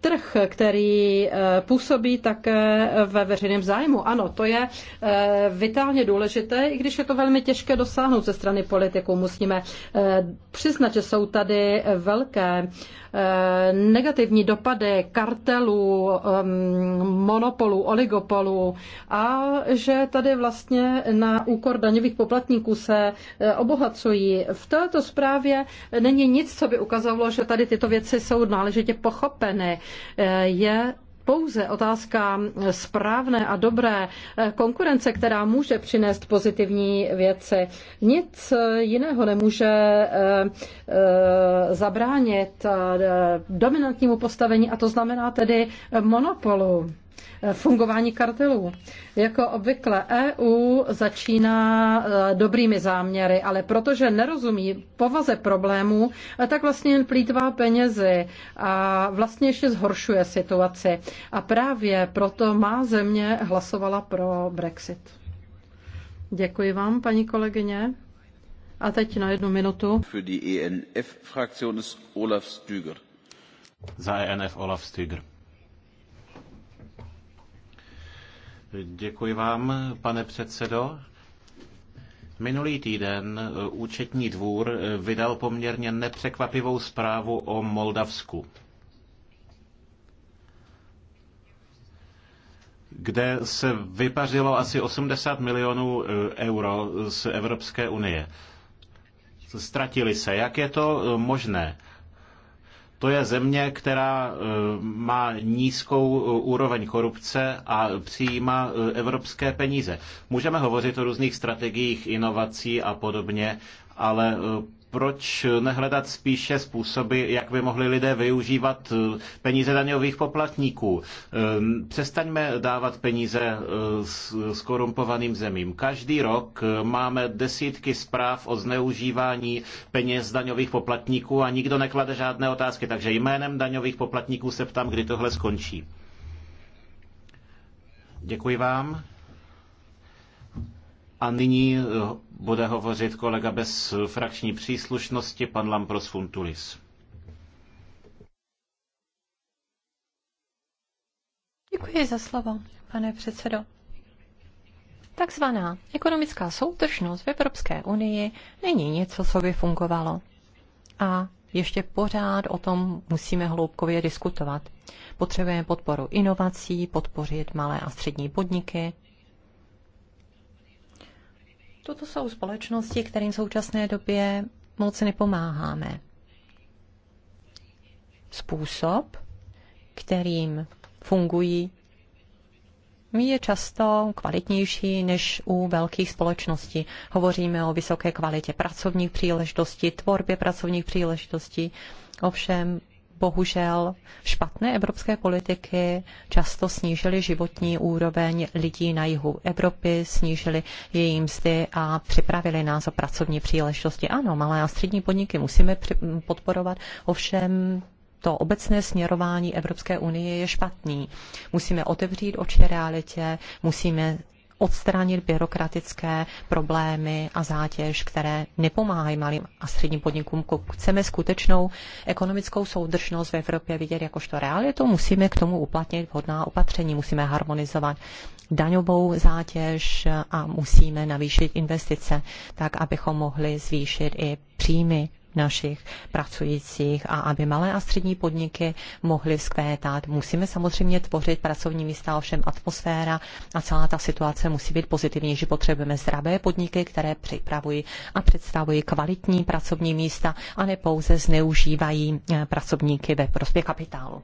trh, který eh, působí také ve veřejném zájmu. Ano, to je eh, vitálně důležité, i když je to velmi těžké dosáhnout ze strany politiků. Musíme eh, přiznat, že jsou tady velké negativní dopady kartelů, ehm, monopolů, oligopolů a že tady vlastně na úkor daňových poplatníků se obohacují. V této zprávě není nic, co by ukazovalo, že tady tyto věci jsou náležitě pochopeny je pouze otázka správné a dobré eh, konkurence, která může přinést pozitivní věci. Nic jiného nemůže eh, eh, zabránit dominantnímu postavení, a to znamená tedy monopolu. Eh, fungování kartelů. Jako obvykle EU začíná eh, dobrými záměry, ale protože nerozumí povaze problémů, eh, tak vlastně jen plítvá penězi a vlastně ještě zhoršuje situaci. A právě proto má země hlasovala pro Brexit. Děkuji vám, paní kolegyně. A teď na jednu minutu. Für die enf Olaf Stüger. Za ENF Olaf Stüger. Děkuji vám, pane předsedo. Minulý týden eh, účetní dvůr eh, vydal poměrně nepřekvapivou zprávu o Moldavsku. kde se vypařilo asi 80 milionů eh, euro z Evropské unie. Ztratili se. Jak je to možné? To je země, která eh, má nízkou eh, úroveň korupce a přijímá eh, evropské peníze. Můžeme hovořit o různých strategiích, inovací a podobně, ale proč nehledat spíše způsoby, jak by mohli lidé využívat eh, peníze daňových poplatníků. Eh, přestaňme dávat peníze eh, skorumpovaným zemím. Každý rok máme desítky zpráv o zneužívání peněz daňových poplatníků a nikdo neklade žádné otázky. Takže jménem daňových poplatníků se ptám, kdy tohle skončí. Děkuji vám. A nyní bude hovořit kolega bez frakční příslušnosti, pan Lampros Funtulis. Děkuji za slovo, pane předsedo. Takzvaná ekonomická soudržnost v Evropské unii není něco, co by fungovalo. A ještě pořád o tom musíme hloubkově diskutovat. Potřebujeme podporu inovací, podpořit malé a střední podniky, Toto jsou společnosti, kterým v současné době moc nepomáháme. Způsob, kterým fungují, je často kvalitnější než u velkých společností. Hovoříme o vysoké kvalitě pracovních příležitostí, tvorbě pracovních příležitostí. Ovšem, bohužel špatné evropské politiky často snížily životní úroveň lidí na jihu Evropy, snížily její mzdy a připravili nás o pracovní příležitosti. Ano, malé a střední podniky musíme podporovat, ovšem to obecné směrování Evropské unie je špatný. Musíme otevřít oči realitě, musíme odstranit byrokratické problémy a zátěž, které nepomáhají malým a středním podnikům. Chceme skutečnou ekonomickou soudržnost v Evropě vidět jakožto realitu, musíme k tomu uplatnit vhodná opatření, musíme harmonizovat daňovou zátěž a musíme navýšit investice, tak abychom mohli zvýšit i příjmy našich pracujících a aby malé a střední podniky mohly vzkvétat. Musíme samozřejmě tvořit pracovní místa, ovšem atmosféra a celá ta situace musí být pozitivní, že potřebujeme zdravé podniky, které připravují a představují kvalitní pracovní místa a ne pouze zneužívají eh, pracovníky ve prospěch kapitálu.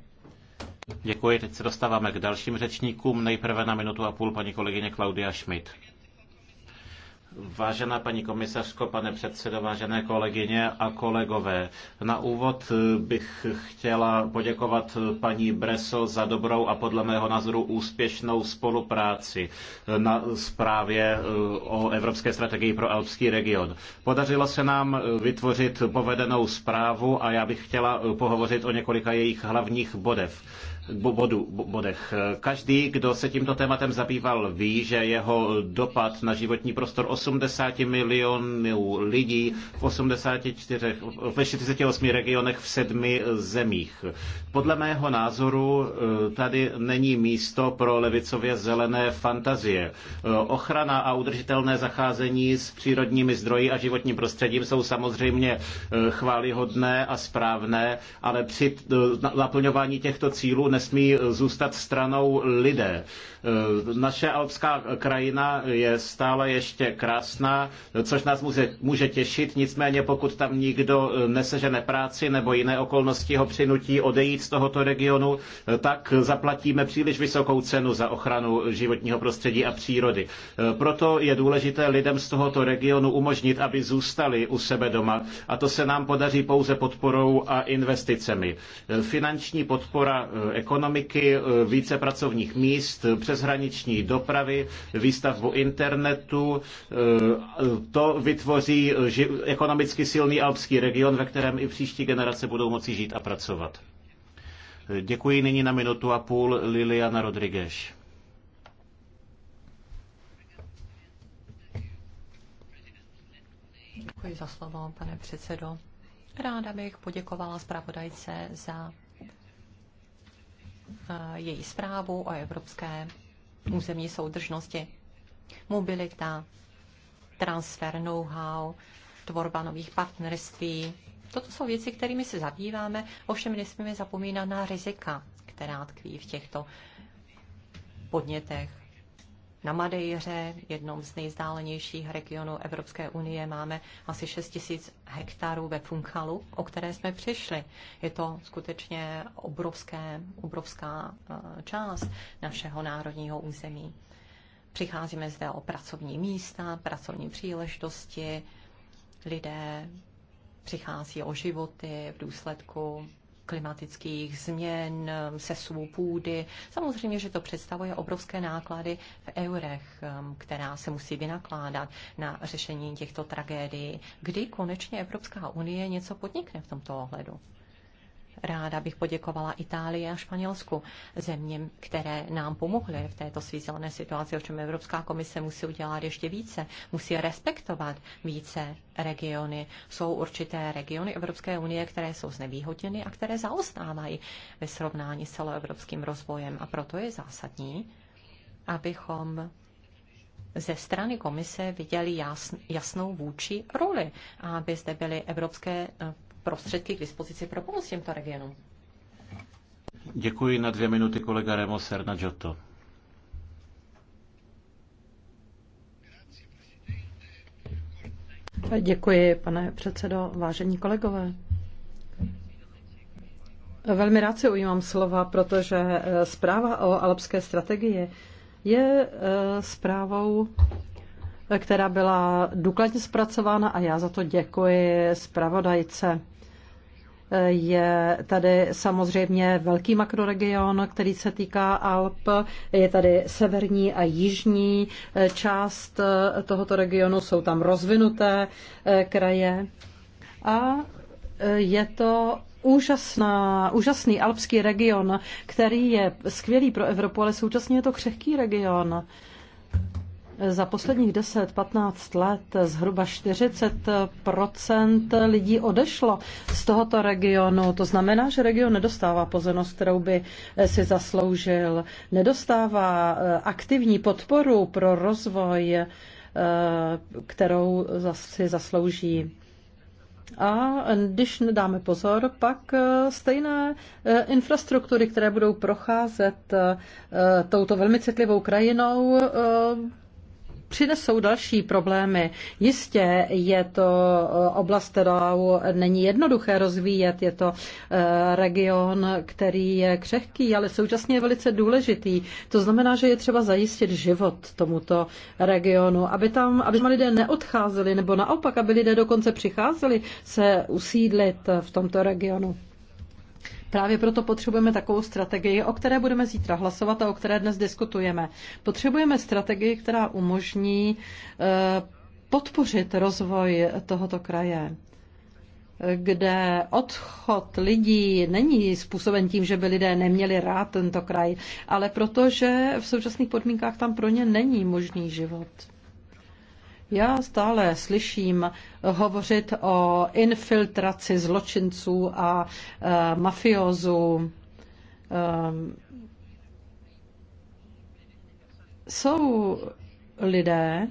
Děkuji, teď se dostáváme k dalším řečníkům. Nejprve na minutu a půl paní kolegyně Klaudia Schmidt. Vážená paní komisařko, pane předsedo, vážené kolegyně a kolegové, na úvod bych chtěla poděkovat paní Breso za dobrou a podle mého názoru úspěšnou spolupráci na zprávě eh, o Evropské strategii pro Alpský region. Podařilo se nám vytvořit povedenou zprávu a já bych chtěla eh, pohovořit o několika jejich hlavních bodech bodu, bodech. Každý, kdo se tímto tématem zabýval, ví, že jeho dopad na životní prostor 80 milionů lidí v 84, ve 48 regionech v sedmi zemích. Podle mého názoru eh, tady není místo pro levicově zelené fantazie. Eh, ochrana a udržitelné zacházení s přírodními zdroji a životním prostředím jsou samozřejmě eh, chválihodné a správné, ale při naplňování těchto cílů nesmí zůstat stranou lidé. Eh, naše alpská krajina je stále ještě krásná, což nás může, může těšit, nicméně pokud tam nikdo eh, nesežene práci nebo jiné okolnosti ho přinutí odejít z tohoto regionu, eh, tak zaplatíme příliš vysokou cenu za ochranu životního prostředí a přírody. Proto je důležité lidem z tohoto regionu umožnit, aby zůstali u sebe doma a to se nám podaří pouze podporou a investicemi. Finanční podpora ekonomiky, eh, více pracovních míst, eh, přeshraniční dopravy, výstavbu internetu. Eh, to vytvoří ekonomicky silný alpský region, ve kterém i příští generace budou moci žít a pracovat. Děkuji nyní na minutu a půl Liliana Rodriguez. Děkuji za slovo, pane předsedo. Ráda bych poděkovala zpravodajce za její zprávu o evropské územní soudržnosti. Mobilita, transfer know-how, tvorba nových partnerství. Toto jsou věci, kterými se zabýváme, ovšem nesmíme zapomínat na rizika, která tkví v těchto podnětech na Madejře, jednom z nejzdálenějších regionů Evropské unie, máme asi 6 000 hektarů ve Funkalu, o které jsme přišli. Je to skutečně obrovské, obrovská eh, část našeho národního území. Přicházíme zde o pracovní místa, pracovní příležitosti, lidé přichází o životy v důsledku klimatických změn, um, sesů půdy. Samozřejmě, že to představuje obrovské náklady v eurech, um, která se musí vynakládat na řešení těchto tragédií. Kdy konečně Evropská unie něco podnikne v tomto ohledu? Ráda bych poděkovala Itálii a Španělsku, zeměm, které nám pomohly v této svízelné situaci, o čem Evropská komise musí udělat ještě více, musí respektovat více regiony. Jsou určité regiony Evropské unie, které jsou znevýhodněny a které zaostávají ve srovnání s celoevropským rozvojem. A proto je zásadní, abychom ze strany komise viděli jasn, jasnou vůči roli, aby zde byly evropské prostředky k dispozici pro pomoc těmto regionům. Děkuji na dvě minuty kolega Remo Serna Giotto. Děkuji, pane předsedo, vážení kolegové. Velmi rád si ujímám slova, protože eh, zpráva o alpské strategii je eh, zprávou, eh, která byla důkladně zpracována a já za to děkuji zpravodajce. Je tady samozřejmě velký makroregion, který se týká Alp. Je tady severní a jižní eh, část eh, tohoto regionu, jsou tam rozvinuté eh, kraje. A je to úžasná, úžasný alpský region, který je skvělý pro Evropu, ale současně je to křehký region. Za posledních 10-15 let zhruba 40 lidí odešlo z tohoto regionu. To znamená, že region nedostává pozornost, kterou by si zasloužil, nedostává eh, aktivní podporu pro rozvoj, eh, kterou si zaslouží. A když nedáme pozor, pak eh, stejné infrastruktury, které budou procházet touto velmi citlivou krajinou, přinesou další problémy. Jistě je to e, oblast, kterou není jednoduché rozvíjet. Je to e, region, který je křehký, ale současně je velice důležitý. To znamená, že je třeba zajistit život tomuto regionu, aby tam, aby tam lidé neodcházeli, nebo naopak, aby lidé dokonce přicházeli se usídlit v tomto regionu. Právě proto potřebujeme takovou strategii, o které budeme zítra hlasovat a o které dnes diskutujeme. Potřebujeme strategii, která umožní eh, podpořit rozvoj tohoto kraje kde odchod lidí není způsoben tím, že by lidé neměli rád tento kraj, ale protože v současných podmínkách tam pro ně není možný život. Já stále slyším hovořit o infiltraci zločinců a e, mafiozů. E, jsou lidé,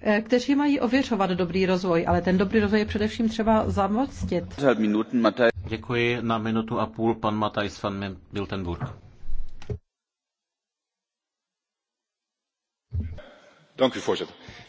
e, kteří mají ověřovat dobrý rozvoj, ale ten dobrý rozvoj je především třeba zamoctit. Děkuji na minutu a půl pan Matajs van Miltenburg. Dank u, voorzitter.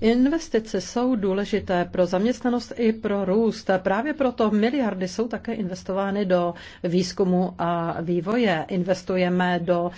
Investice jsou důležité pro zaměstnanost i pro růst. Právě proto miliardy jsou také investovány do výzkumu a vývoje. Investujeme do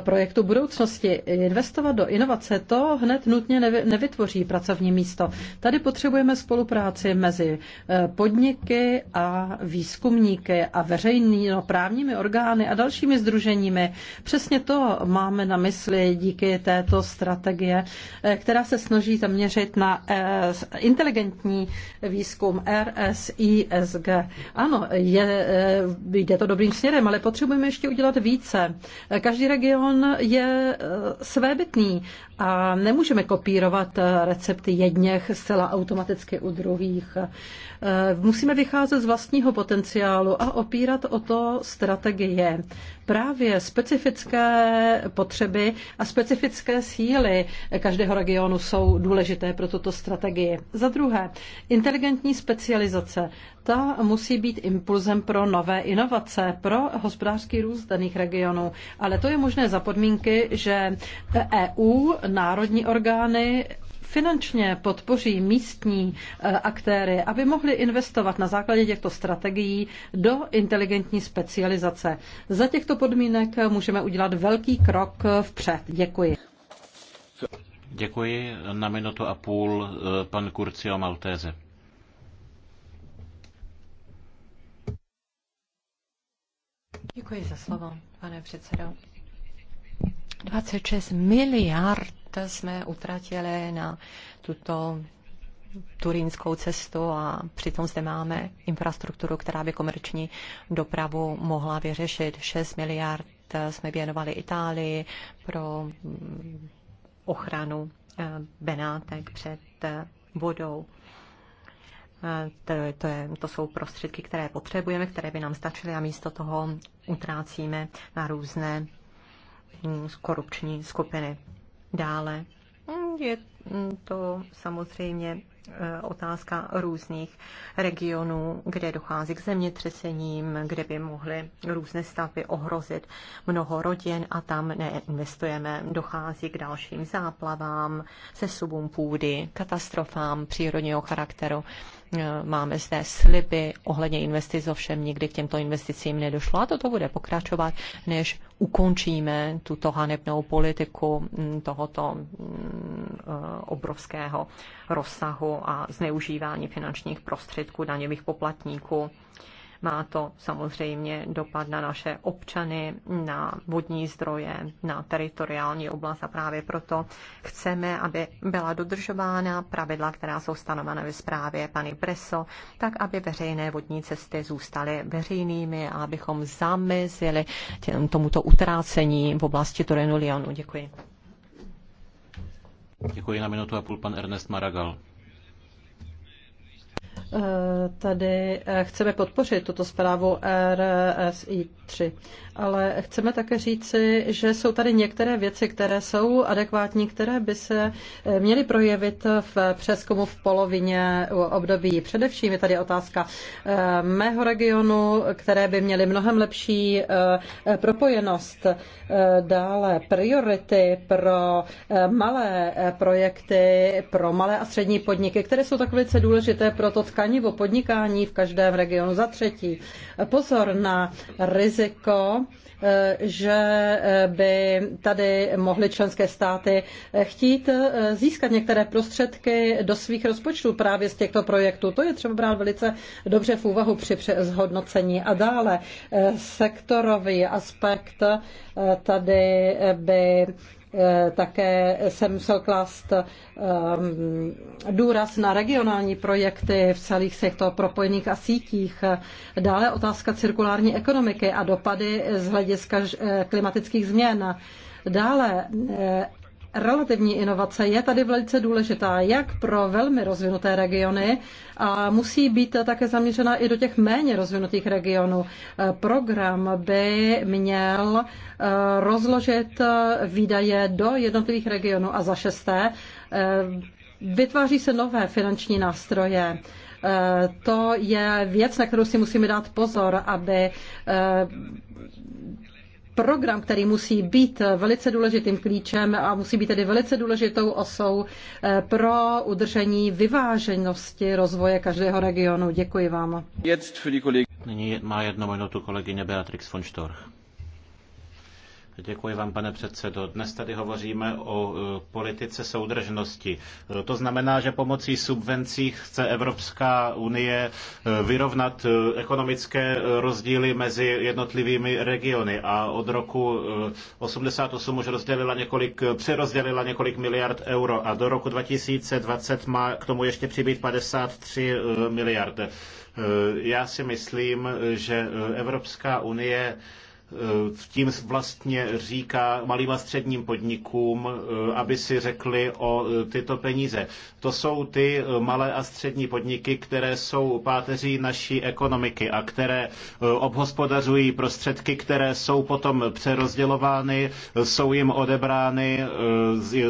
projektu budoucnosti. Investovat do inovace to hned nutně nevytvoří pracovní místo. Tady potřebujeme spolupráci mezi eh, podniky a výzkumníky a veřejnoprávními orgány a dalšími združeními. Přesně to máme na mysli díky této strategie, eh, která se snaží zaměřit zaměřit na eh, inteligentní výzkum RSISG. Ano, je, eh, jde to dobrým směrem, ale potřebujeme ještě udělat více. Každý region je eh, svébytný a nemůžeme kopírovat eh, recepty jedněch zcela automaticky u druhých. Eh, musíme vycházet z vlastního potenciálu a opírat o to strategie. Právě specifické potřeby a specifické síly každého regionu jsou důležité pro tuto strategii. Za druhé, inteligentní specializace data musí být impulzem pro nové inovace, pro hospodářský růst daných regionů. Ale to je možné za podmínky, že EU, národní orgány, finančně podpoří místní e, aktéry, aby mohli investovat na základě těchto strategií do inteligentní specializace. Za těchto podmínek můžeme udělat velký krok vpřed. Děkuji. Děkuji. Na minutu a půl e, pan Kurcio Maltese. Děkuji za slovo, pane předsedo. 26 miliard jsme utratili na tuto turínskou cestu a přitom zde máme infrastrukturu, která by komerční dopravu mohla vyřešit. 6 miliard jsme věnovali Itálii pro ochranu eh, Benátek před eh, vodou to, to, je, to jsou prostředky, které potřebujeme, které by nám stačily a místo toho utrácíme na různé mm, korupční skupiny. Dále mm, je to samozřejmě eh, otázka různých regionů, kde dochází k zemětřesením, kde by mohly různé stavy ohrozit mnoho rodin a tam neinvestujeme. Dochází k dalším záplavám, sesubům půdy, katastrofám přírodního charakteru. Eh, máme zde sliby ohledně investic, ovšem nikdy k těmto investicím nedošlo a toto bude pokračovat, než ukončíme tuto hanebnou politiku mm, tohoto mm, eh, obrovského rozsahu a zneužívání finančních prostředků daněvých poplatníků. Má to samozřejmě dopad na naše občany, na vodní zdroje, na teritoriální oblast a právě proto chceme, aby byla dodržována pravidla, která jsou stanovena ve zprávě pany Preso, tak aby veřejné vodní cesty zůstaly veřejnými a abychom zamezili tomuto utrácení v oblasti Torenu Lyonu. Děkuji. Děkuji na minutu a půl pan Ernest Maragal. Eh, tady eh, chceme podpořit tuto zprávu RSI 3, ale chceme také říci, že jsou tady některé věci, které jsou adekvátní, které by se eh, měly projevit v přeskumu v polovině období. Především je tady otázka mého regionu, které by měly mnohem lepší propojenost. Dále priority pro malé projekty, pro malé a střední podniky, které jsou tak velice důležité pro to, tkanivo, podnikání v každém regionu. Za třetí, pozor na riziko, eh, že eh, by tady mohly členské státy eh, chtít získat některé prostředky do svých rozpočtů právě z těchto projektů. To je třeba brát velice dobře v úvahu při zhodnocení. A dále sektorový aspekt tady by Eh, také jsem musel klást ehm, důraz na regionální projekty v celých těchto propojených a sítích. Dále otázka cirkulární ekonomiky a dopady z hlediska eh, klimatických změn. Dále eh, relativní inovace je tady velice důležitá, jak pro velmi rozvinuté regiony a musí být také zaměřena i do těch méně rozvinutých regionů. Program by měl eh, rozložit eh, výdaje do jednotlivých regionů a za šesté eh, vytváří se nové finanční nástroje to je věc, na kterou si musíme dát pozor, aby program, který musí být velice důležitým klíčem a musí být tedy velice důležitou osou eh, pro udržení vyváženosti rozvoje každého regionu. Děkuji vám. Nyní má jednu minutu kolegyně Beatrix von Storch. Děkuji vám, pane předsedo. Dnes tady hovoříme o e, politice soudržnosti. E, to znamená, že pomocí subvencí chce Evropská unie e, vyrovnat ekonomické rozdíly mezi jednotlivými regiony a od roku 88 už rozdělila několik, přerozdělila několik miliard euro a do roku 2020 má k tomu ještě přibýt 53 miliard. Já si myslím, že Evropská unie Eh, tím vlastně říká malým a středním podnikům, eh, aby si řekli o eh, tyto peníze. To jsou ty malé a střední podniky, které jsou páteří naší ekonomiky a které obhospodařují prostředky, které jsou potom přerozdělovány, jsou jim odebrány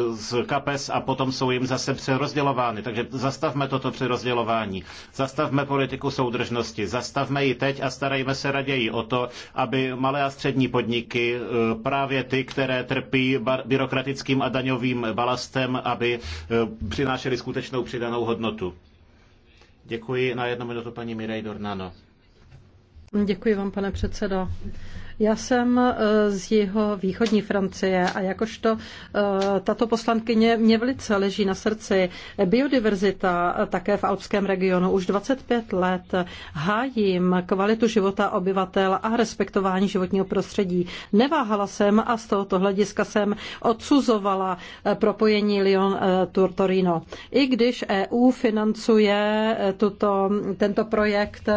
z kapes a potom jsou jim zase přerozdělovány. Takže zastavme toto přerozdělování. Zastavme politiku soudržnosti. Zastavme ji teď a starejme se raději o to, aby malé a střední podniky, eh, právě ty, které trpí byrokratickým a daňovým balastem, aby eh, přinášely skutečnou přidanou hodnotu. Děkuji na jednu minutu paní Mirej Dornano. Děkuji vám, pane předsedo. Já jsem e, z jeho východní Francie a jakožto e, tato poslankyně mě velice leží na srdci. Biodiverzita e, také v alpském regionu už 25 let hájím kvalitu života obyvatel a respektování životního prostředí. Neváhala jsem a z tohoto hlediska jsem odsuzovala propojení Lyon-Torino. I když EU financuje tuto, tento projekt,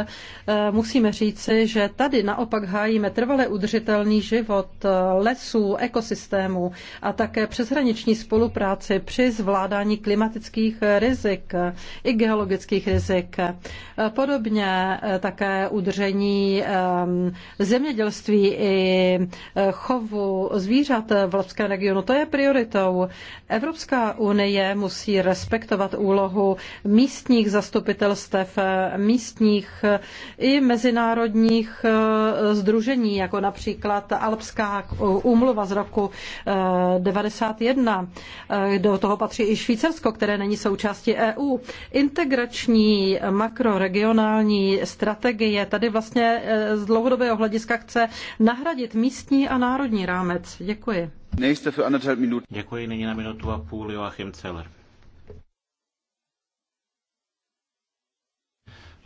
musíme říci, že tady naopak hájíme trvalé udržitelný život lesů, ekosystémů a také přeshraniční spolupráci při zvládání klimatických rizik i geologických rizik. Podobně také udržení zemědělství i chovu zvířat v Lapském regionu. To je prioritou. Evropská unie musí respektovat úlohu místních zastupitelstev, místních i mezinárodních združení, eh, jako například Alpská úmluva z roku 91. Eh, eh, do toho patří i Švýcarsko, které není součástí EU. Integrační makroregionální strategie tady vlastně eh, z dlouhodobého hlediska chce nahradit místní a národní rámec. Děkuji. Děkuji, nyní na minutu a půl Joachim Celer.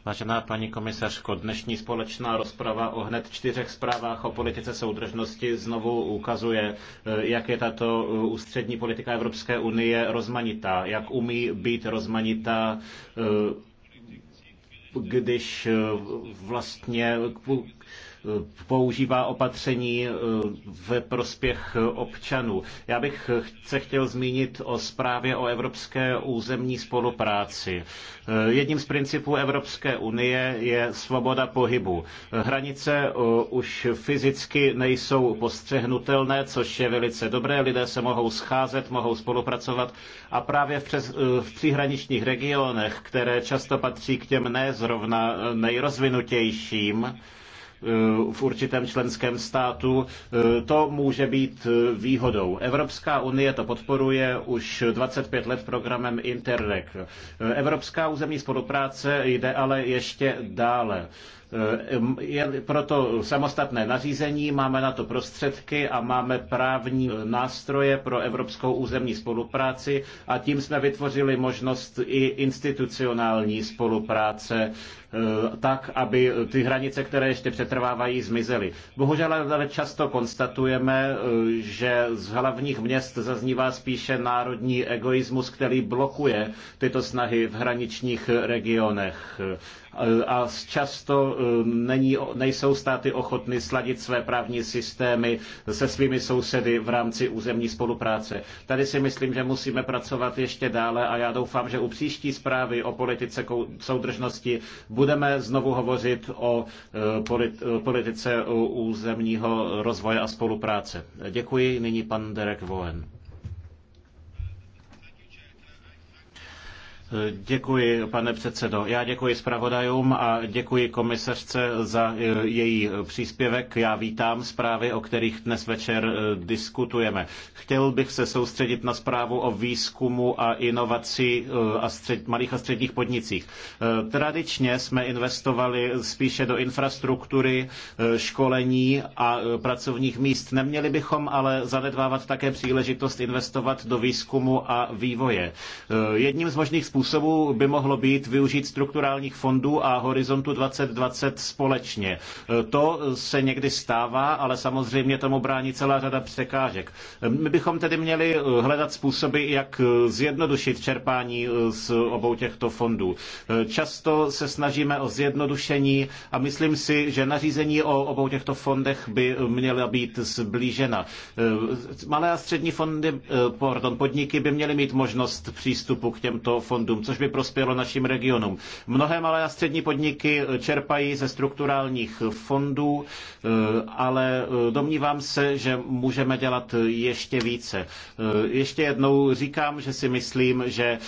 Vážená paní komisařko, dnešní společná rozprava o hned čtyřech zprávách o politice soudržnosti znovu ukazuje, eh, jak je tato eh, ústřední politika Evropské unie rozmanitá, jak umí být rozmanitá eh, když vlastně používá opatření eh, ve prospěch občanů. Já bych se chtěl zmínit o zprávě o evropské územní spolupráci. Eh, jedním z principů Evropské unie je svoboda pohybu. Hranice eh, už fyzicky nejsou postřehnutelné, což je velice dobré. Lidé se mohou scházet, mohou spolupracovat a právě v, přes, v příhraničních regionech, které často patří k těm ne zrovna nejrozvinutějším, Eh, v určitém členském státu, eh, to může být eh, výhodou. Evropská unie to podporuje už 25 let programem Interreg. Evropská územní spolupráce jde ale ještě dále. Eh, je proto samostatné nařízení, máme na to prostředky a máme právní nástroje pro evropskou územní spolupráci a tím jsme vytvořili možnost i institucionální spolupráce eh, tak, aby ty hranice, které ještě přetrvávají, zmizely. Bohužel ale často konstatujeme, eh, že z hlavních měst zaznívá spíše národní egoismus, který blokuje tyto snahy v hraničních regionech a často eh, není, nejsou státy ochotny sladit své právní systémy se svými sousedy v rámci územní spolupráce. Tady si myslím, že musíme pracovat ještě dále a já doufám, že u příští zprávy o politice soudržnosti budeme znovu hovořit o eh, eh, politice územního rozvoje a spolupráce. Děkuji. Nyní pan Derek Vohen. Děkuji, pane předsedo. Já děkuji zpravodajům a děkuji komisařce za e, její příspěvek. Já vítám zprávy, o kterých dnes večer e, diskutujeme. Chtěl bych se soustředit na zprávu o výzkumu a inovaci e, a střed, malých a středních podnicích. Tradičně jsme investovali spíše do infrastruktury, školení a pracovních míst. Neměli bychom ale zanedbávat také příležitost investovat do výzkumu a vývoje. Jedním z možných způsobů by mohlo být využít strukturálních fondů a horizontu 2020 společně. E, to se někdy stává, ale samozřejmě tomu brání celá řada překážek. E, my bychom tedy měli e, hledat způsoby, jak zjednodušit čerpání z obou těchto fondů. Často se snažíme o zjednodušení a myslím si, že nařízení o obou těchto fondech by měla být zblížena. Malé a střední fondy, pardon, podniky by měly mít možnost přístupu k těmto fondům fondům, což by prospělo našim regionům. Mnohé malé a střední podniky čerpají ze strukturálních fondů, eh, ale eh, domnívám se, že můžeme dělat ještě více. Eh, ještě jednou říkám, že si myslím, že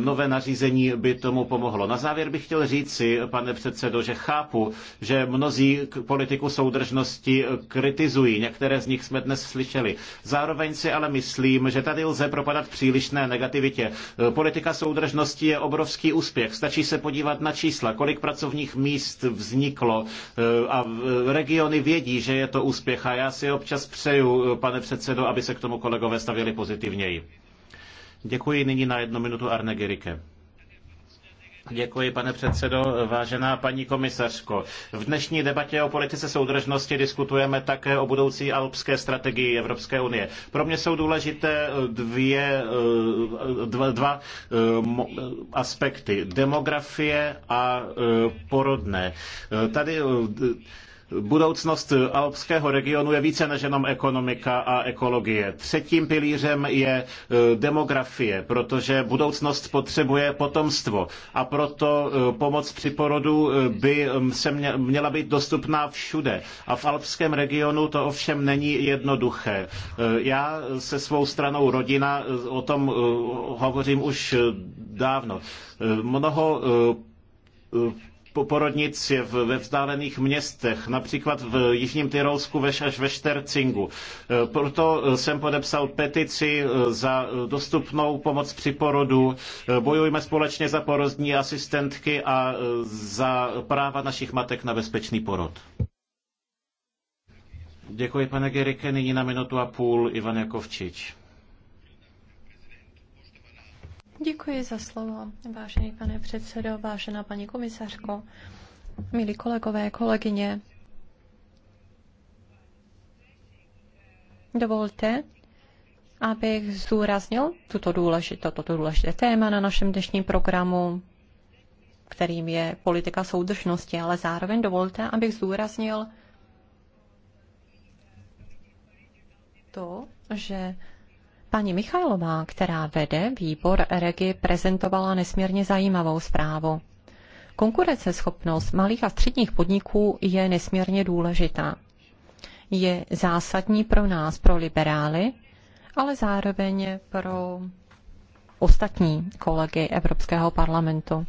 nové nařízení by tomu pomohlo. Na závěr bych chtěl říci, pane předsedo, že chápu, že mnozí politiku soudržnosti kritizují. Některé z nich jsme dnes slyšeli. Zároveň si ale myslím, že tady lze propadat přílišné negativitě. Politika soudržnosti společnosti je obrovský úspěch. Stačí se podívat na čísla, kolik pracovních míst vzniklo eh, a eh, regiony vědí, že je to úspěch a já si občas přeju, eh, pane předsedo, aby se k tomu kolegové stavěli pozitivněji. Děkuji nyní na jednu minutu Arne Gerike. Děkuji, pane předsedo. Vážená paní komisařko, v dnešní debatě o politice soudržnosti diskutujeme také o budoucí alpské strategii Evropské unie. Pro mě jsou důležité eh, dvě, eh, dva, dva eh, aspekty. Demografie a porodné. Tady Budoucnost alpského regionu je více než jenom ekonomika a ekologie. Třetím pilířem je eh, demografie, protože budoucnost potřebuje potomstvo a proto eh, pomoc při porodu eh, by mm, se měla být dostupná všude. A v alpském regionu to ovšem není jednoduché. Já se svou stranou rodina o tom hovořím už dávno. Mnoho porodnic je ve vzdálených městech, například v Jižním Tyrolsku až ve Štercingu. E, proto e, jsem podepsal petici e, za dostupnou pomoc při porodu. Bojujme společně za porodní asistentky a za práva našich matek na bezpečný porod. Děkuji, pane Gerike. Nyní na minutu a půl Ivan Jakovčič. Děkuji za slovo, vážený pane předsedo, vážená paní komisařko, milí kolegové, kolegyně. Dovolte, abych zdůraznil tuto důležité, toto důležité téma na našem dnešním programu, kterým je politika soudržnosti, ale zároveň dovolte, abych zdůraznil to, že Paní Michailová, která vede výbor Regi, prezentovala nesmírně zajímavou zprávu. Konkurenceschopnost malých a středních podniků je nesmírně důležitá. Je zásadní pro nás, pro liberály, ale zároveň pro ostatní kolegy Evropského parlamentu.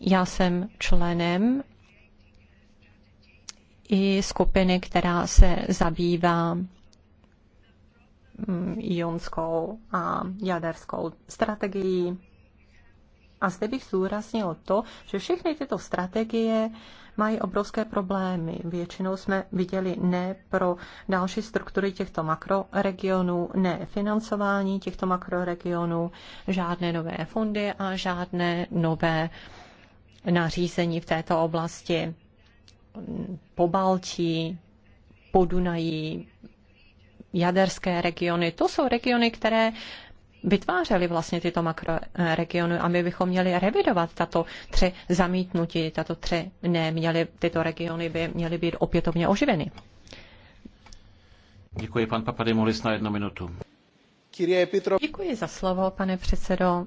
Já jsem členem i skupiny, která se zabývá Mm, jonskou a jaderskou strategií. A zde bych zúraznil to, že všechny tyto strategie mají obrovské problémy. Většinou jsme viděli ne pro další struktury těchto makroregionů, ne financování těchto makroregionů, žádné nové fondy a žádné nové nařízení v této oblasti. Po Baltí, po Dunají, jaderské regiony. To jsou regiony, které vytvářely vlastně tyto makroregiony a my bychom měli revidovat tato tři zamítnutí, tato tři ne, měly, tyto regiony by měly být opětovně oživeny. Děkuji, pan Papadimolis, na jednu minutu. Děkuji za slovo, pane předsedo.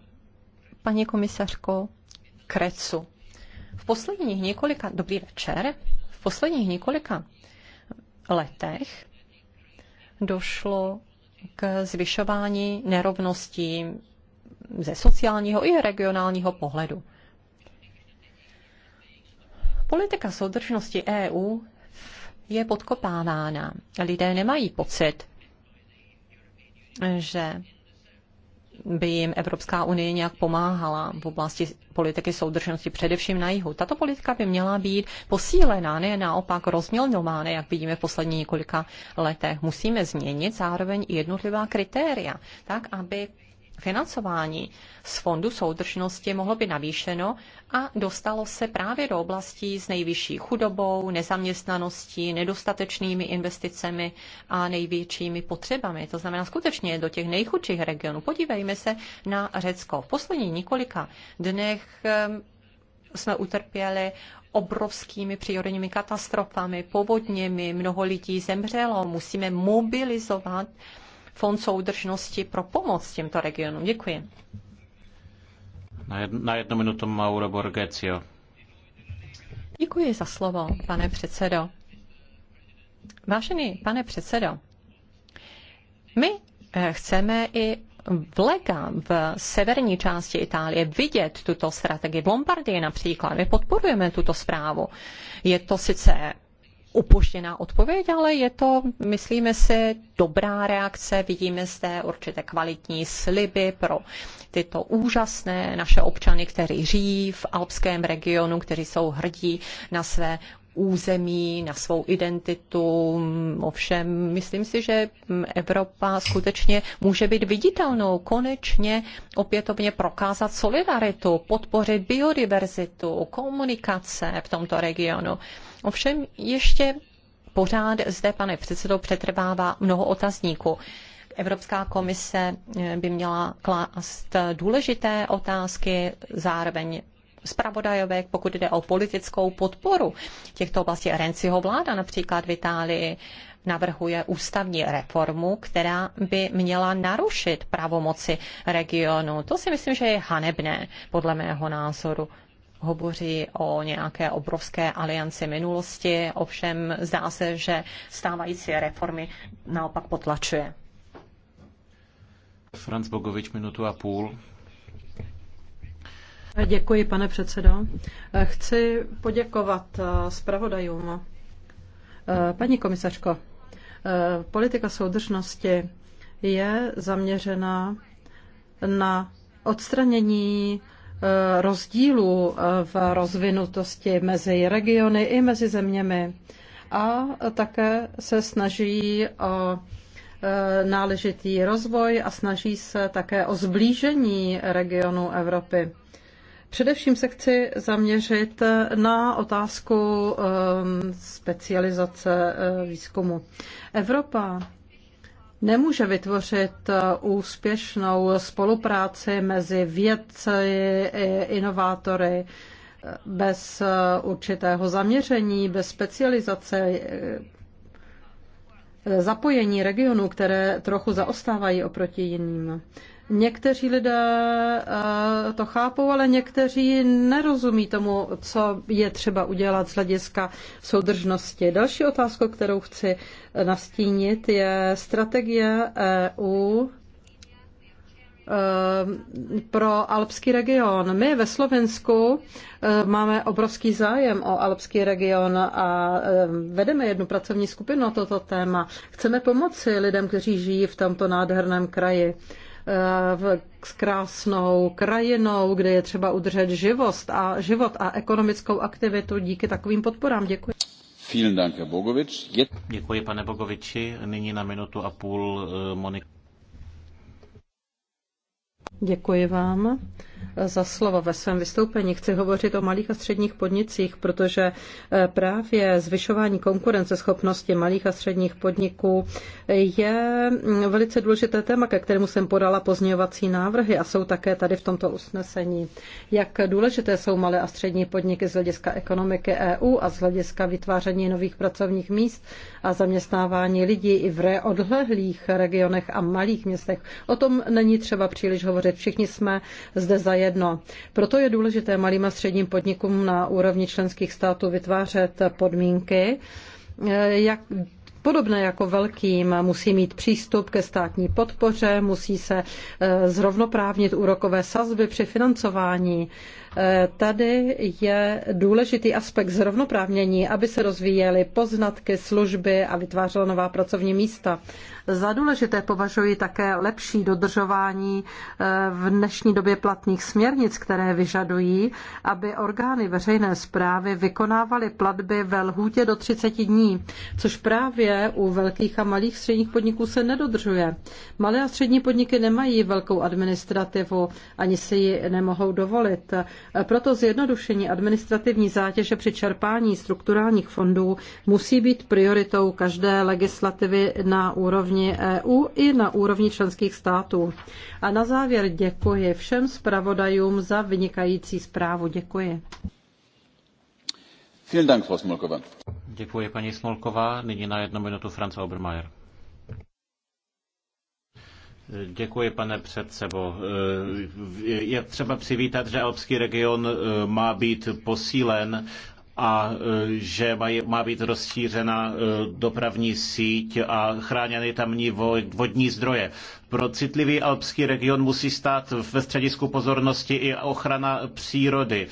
Paní komisařko Krecu, v posledních několika, dobrý večer, v posledních několika letech došlo k zvyšování nerovností ze sociálního i regionálního pohledu. Politika soudržnosti EU je podkopávána. Lidé nemají pocit, že by jim Evropská unie nějak pomáhala v oblasti politiky soudržnosti, především na jihu. Tato politika by měla být posílená, ne naopak rozmělňována, jak vidíme v posledních několika letech. Musíme změnit zároveň jednotlivá kritéria, tak aby financování z Fondu soudržnosti mohlo být navýšeno a dostalo se právě do oblastí s nejvyšší chudobou, nezaměstnaností, nedostatečnými investicemi a největšími potřebami. To znamená skutečně do těch nejchudších regionů. Podívejme se na Řecko. V posledních několika dnech ehm, jsme utrpěli obrovskými přírodními katastrofami, povodněmi, mnoho lidí zemřelo. Musíme mobilizovat Fond soudržnosti pro pomoc těmto regionům. Děkuji. Na, na jednu minutu Mauro Borgecio. Děkuji za slovo, pane předsedo. Vážený pane předsedo, my eh, chceme i v Lega, v severní části Itálie, vidět tuto strategii. V Lombardii například, my podporujeme tuto zprávu. Je to sice upuštěná odpověď, ale je to, myslíme si, dobrá reakce. Vidíme zde určité kvalitní sliby pro tyto úžasné naše občany, kteří žijí v alpském regionu, kteří jsou hrdí na své území, na svou identitu. Ovšem, myslím si, že Evropa skutečně může být viditelnou, konečně opětovně prokázat solidaritu, podpořit biodiverzitu, komunikace v tomto regionu. Ovšem ještě pořád zde, pane předsedo, přetrvává mnoho otazníků. Evropská komise eh, by měla klást důležité otázky, zároveň zpravodajové, pokud jde o politickou podporu těchto oblastí. Renciho vláda například v Itálii navrhuje ústavní reformu, která by měla narušit pravomoci regionu. To si myslím, že je hanebné, podle mého názoru hovoří o nějaké obrovské alianci minulosti, ovšem zdá se, že stávající reformy naopak potlačuje. Franz Bogovič, minutu a půl. Děkuji, pane předsedo. Chci poděkovat eh, zpravodajům. Eh, paní komisařko, eh, politika soudržnosti je zaměřena na odstranění Eh, rozdílů eh, v rozvinutosti mezi regiony i mezi zeměmi. A také se snaží o eh, náležitý rozvoj a snaží se také o zblížení regionu Evropy. Především se chci zaměřit na otázku specializace výzkumu. Evropa nemůže vytvořit eh, úspěšnou spolupráci mezi vědci, inovátory, eh, bez eh, určitého zaměření, bez specializace, zapojení regionů, které trochu zaostávají oproti jiným. Někteří lidé eh, to chápou, ale někteří nerozumí tomu, co je třeba udělat z hlediska soudržnosti. Další otázku, kterou chci eh, nastínit, je strategie EU eh, pro alpský region. My ve Slovensku máme obrovský zájem o alpský region a vedeme jednu pracovní skupinu na toto téma. Chceme pomoci lidem, kteří žijí v tomto nádherném kraji s krásnou krajinou, kde je třeba udržet živost a život a ekonomickou aktivitu díky takovým podporám. Děkuji. Děkuji, pane Bogoviči. Nyní na minutu a půl eh, Monika. Děkuji vám za slovo. Ve svém vystoupení chci hovořit o malých a středních podnicích, protože eh, právě zvyšování konkurenceschopnosti malých a středních podniků je mm, velice důležité téma, ke kterému jsem podala pozměňovací návrhy a jsou také tady v tomto usnesení. Jak důležité jsou malé a střední podniky z hlediska ekonomiky EU a z hlediska vytváření nových pracovních míst a zaměstnávání lidí i v odlehlých regionech a malých městech. O tom není třeba příliš hovořit. Všichni jsme zde za jedno. Proto je důležité malým a středním podnikům na úrovni členských států vytvářet podmínky, eh, jak Podobné jako velkým musí mít přístup ke státní podpoře, musí se eh, zrovnoprávnit úrokové sazby při financování. Eh, tady je důležitý aspekt zrovnoprávnění, aby se rozvíjely poznatky, služby a vytvářela nová pracovní místa. Za důležité považuji také lepší dodržování eh, v dnešní době platných směrnic, které vyžadují, aby orgány veřejné zprávy vykonávaly platby ve lhůtě do 30 dní, což právě u velkých a malých středních podniků se nedodržuje. Malé a střední podniky nemají velkou administrativu, ani si ji nemohou dovolit. Proto zjednodušení administrativní zátěže při čerpání strukturálních fondů musí být prioritou každé legislativy na úrovni EU i na úrovni členských států. A na závěr děkuji všem zpravodajům za vynikající zprávu. Děkuji. Děkuji, paní Smolková. Nyní na jednu minutu Franz Obermeier. Děkuji, pane předsebo. Je třeba přivítat, že Alpský region eh, má být posílen a eh, že má být rozšířena eh, dopravní síť a chráněny tamní vodní zdroje. Pro citlivý alpský region musí stát ve středisku pozornosti i ochrana přírody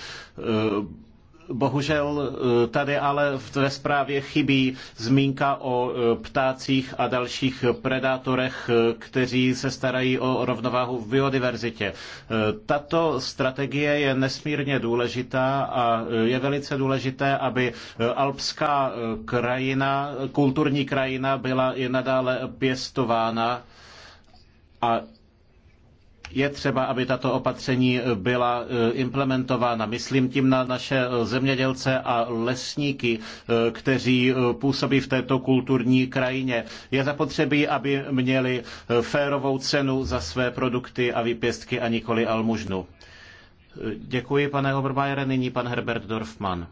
Bohužel eh, tady ale ve zprávě chybí zmínka o eh, ptácích a dalších predátorech, eh, kteří se starají o rovnováhu v biodiverzitě. Tato strategie je nesmírně důležitá a je velice důležité, aby alpská krajina, kulturní krajina byla i nadále pěstována a je třeba, aby tato opatření byla eh, implementována. Myslím tím na naše zemědělce a lesníky, eh, kteří eh, působí v této kulturní krajině. Je zapotřebí, aby měli férovou cenu za své produkty a výpěstky a nikoli almužnu. Děkuji, pane Oberbajere. Nyní pan Herbert Dorfman.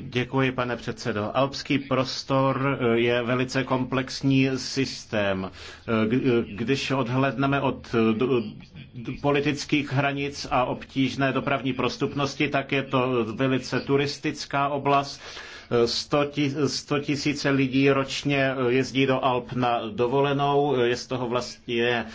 Děkuji, pane předsedo. Alpský prostor eh, je velice komplexní systém. Eh, eh, když odhledneme od politických hranic a obtížné dopravní prostupnosti, tak je to velice turistická oblast 100 tisíce lidí ročně jezdí do Alp na dovolenou, je z toho vlastně eh,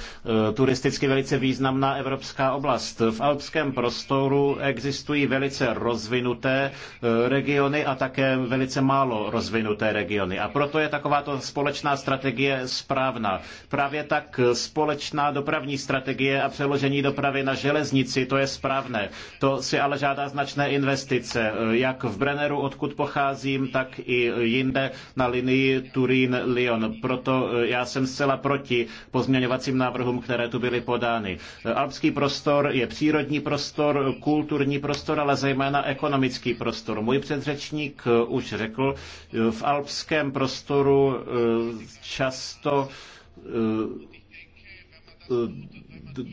turisticky velice významná evropská oblast. V alpském prostoru existují velice rozvinuté eh, regiony a také velice málo rozvinuté regiony. A proto je takováto společná strategie správná. Právě tak společná dopravní strategie a přeložení dopravy na železnici, to je správné. To si ale žádá značné investice, eh, jak v Brenneru, odkud pochází, Terezín, tak i jinde na linii Turín-Lyon. Proto e, já jsem zcela proti pozměňovacím návrhům, které tu byly podány. E, alpský prostor je přírodní prostor, kulturní prostor, ale zejména ekonomický prostor. Můj předřečník e, už řekl, v alpském prostoru často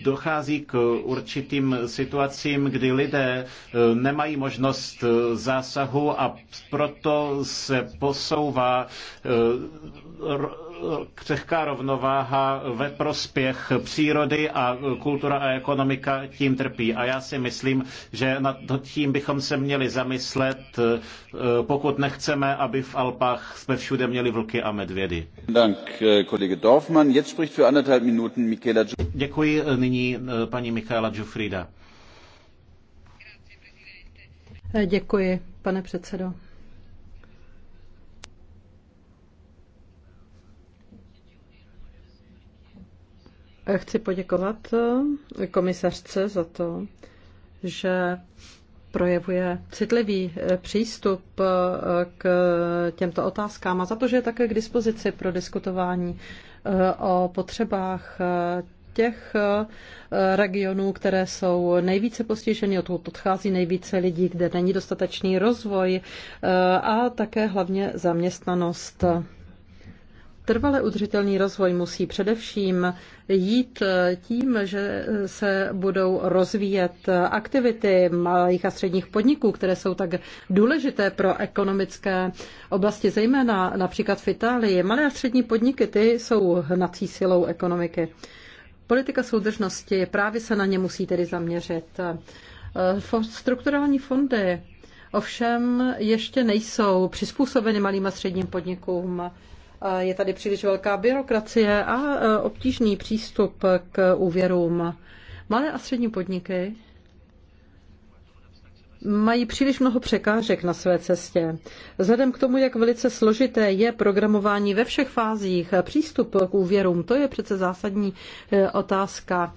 dochází k určitým situacím, kdy lidé e, nemají možnost e, zásahu a proto se posouvá e, křehká rovnováha ve prospěch přírody a kultura a ekonomika tím trpí. A já si myslím, že nad tím bychom se měli zamyslet, eh, pokud nechceme, aby v Alpách jsme všude měli vlky a medvědy. Eh, děkuji eh, nyní paní Michaela Giuffrida. Děkuji, pane předsedo. Eh, chci poděkovat eh, komisařce za to, že projevuje citlivý eh, přístup k těmto otázkám a za to, že je také k dispozici pro diskutování o potřebách těch regionů, které jsou nejvíce postiženy, toho podchází nejvíce lidí, kde není dostatečný rozvoj a také hlavně zaměstnanost. Trvale udržitelný rozvoj musí především jít tím, že se budou rozvíjet aktivity malých a středních podniků, které jsou tak důležité pro ekonomické oblasti, zejména například v Itálii. Malé a střední podniky, ty jsou hnací silou ekonomiky. Politika soudržnosti právě se na ně musí tedy zaměřit. Strukturální fondy ovšem ještě nejsou přizpůsobeny malým a středním podnikům. Eh, je tady příliš velká byrokracie a eh, obtížný přístup k úvěrům. Malé a střední podniky mají příliš mnoho překážek na své cestě. Vzhledem k tomu, jak velice složité je programování ve všech fázích, eh, přístup k úvěrům, to je přece zásadní otázka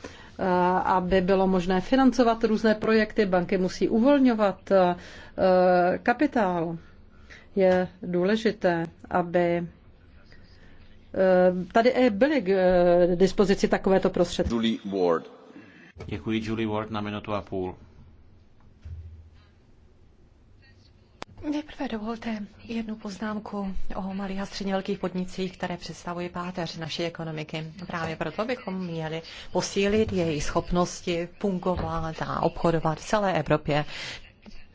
aby bylo možné financovat různé projekty. Banky musí uvolňovat kapitál. Je důležité, aby Eh, tady eh, byly k eh, dispozici takovéto prostředky. Julie Ward. Děkuji Julie Ward na minutu a půl. Nejprve dovolte jednu poznámku o malých a středně velkých podnicích, které představují páteř naší ekonomiky. Právě proto bychom měli posílit jejich schopnosti fungovat a obchodovat v celé Evropě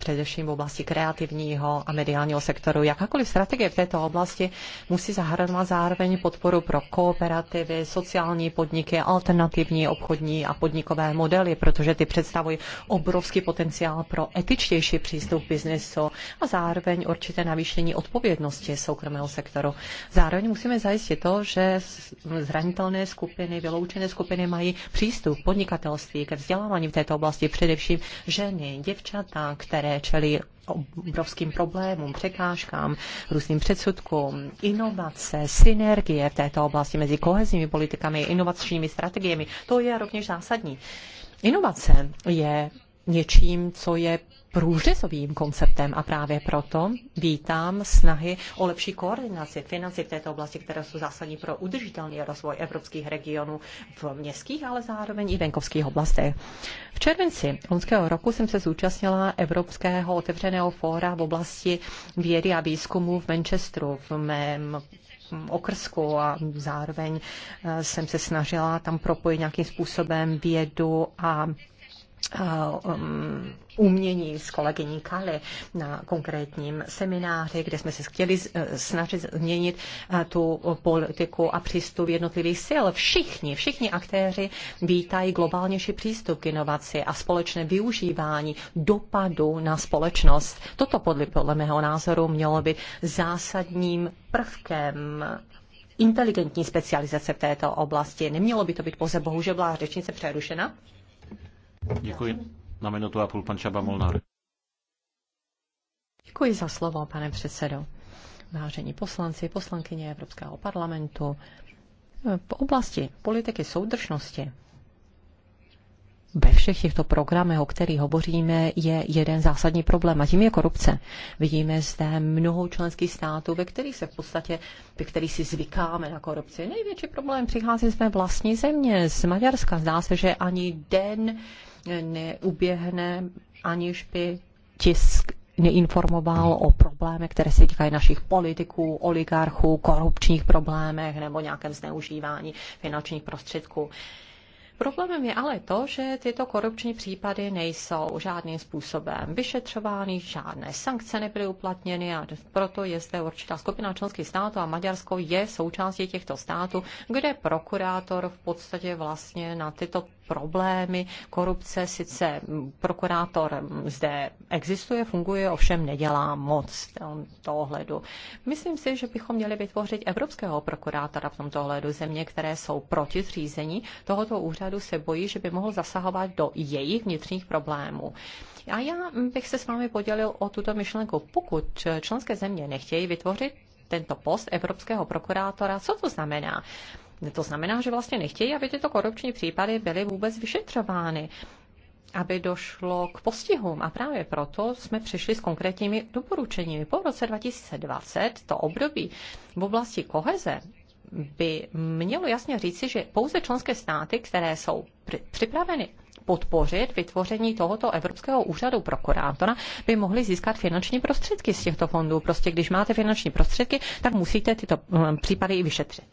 především v oblasti kreativního a mediálního sektoru. Jakákoliv strategie v této oblasti musí zahrnovat zároveň podporu pro kooperativy, sociální podniky, alternativní obchodní a podnikové modely, protože ty představují obrovský potenciál pro etičtější přístup k biznesu a zároveň určité navýšení odpovědnosti soukromého sektoru. Zároveň musíme zajistit to, že zranitelné skupiny, vyloučené skupiny mají přístup podnikatelství, ke vzdělávání v této oblasti, především ženy, děvčata, které čelí obrovským problémům, překážkám, různým předsudkům, inovace, synergie v této oblasti mezi kohezními politikami, inovačními strategiemi. To je rovněž zásadní. Inovace je něčím, co je průřezovým konceptem a právě proto vítám snahy o lepší koordinaci financí v této oblasti, které jsou zásadní pro udržitelný rozvoj evropských regionů v městských, ale zároveň i venkovských oblastech. V červenci loňského roku jsem se zúčastnila Evropského otevřeného fóra v oblasti vědy a výzkumu v Manchesteru v mém okrsku a zároveň eh, jsem se snažila tam propojit nějakým způsobem vědu a, a eh, um, umění s kolegyní Kali na konkrétním semináři, kde jsme se chtěli eh, snažit změnit eh, tu politiku a přístup jednotlivých sil. Všichni, všichni aktéři vítají globálnější přístup k inovaci a společné využívání dopadu na společnost. Toto podle, podle mého názoru mělo být zásadním prvkem inteligentní specializace v této oblasti. Nemělo by to být pouze, bohužel byla řečnice přerušena. Děkuji na minutu a půl pan Čaba Molnár. Děkuji za slovo, pane předsedo. Vážení poslanci, poslankyně Evropského parlamentu, v oblasti politiky soudržnosti ve všech těchto programech, o kterých hovoříme, je jeden zásadní problém a tím je korupce. Vidíme zde mnoho členských států, ve kterých se v podstatě, ve kterých si zvykáme na korupci. Největší problém přichází z mé vlastní země, z Maďarska. Zdá se, že ani den neuběhne, aniž by tisk neinformoval o problémech, které se týkají našich politiků, oligarchů, korupčních problémech nebo nějakém zneužívání finančních prostředků. Problémem je ale to, že tyto korupční případy nejsou žádným způsobem vyšetřovány, žádné sankce nebyly uplatněny a proto je zde určitá skupina členských států a Maďarsko je součástí těchto států, kde prokurátor v podstatě vlastně na tyto problémy korupce. Sice prokurátor zde existuje, funguje, ovšem nedělá moc v tomto ohledu. Myslím si, že bychom měli vytvořit evropského prokurátora v tomto ohledu. Země, které jsou proti zřízení tohoto úřadu, se bojí, že by mohl zasahovat do jejich vnitřních problémů. A já bych se s vámi podělil o tuto myšlenku. Pokud členské země nechtějí vytvořit tento post evropského prokurátora, co to znamená? To znamená, že vlastně nechtějí, aby tyto korupční případy byly vůbec vyšetřovány aby došlo k postihům. A právě proto jsme přišli s konkrétními doporučeními. Po roce 2020 to období v oblasti koheze by mělo jasně říci, že pouze členské státy, které jsou připraveny podpořit vytvoření tohoto Evropského úřadu prokurátora, by mohli získat finanční prostředky z těchto fondů. Prostě když máte finanční prostředky, tak musíte tyto eh, případy i vyšetřit.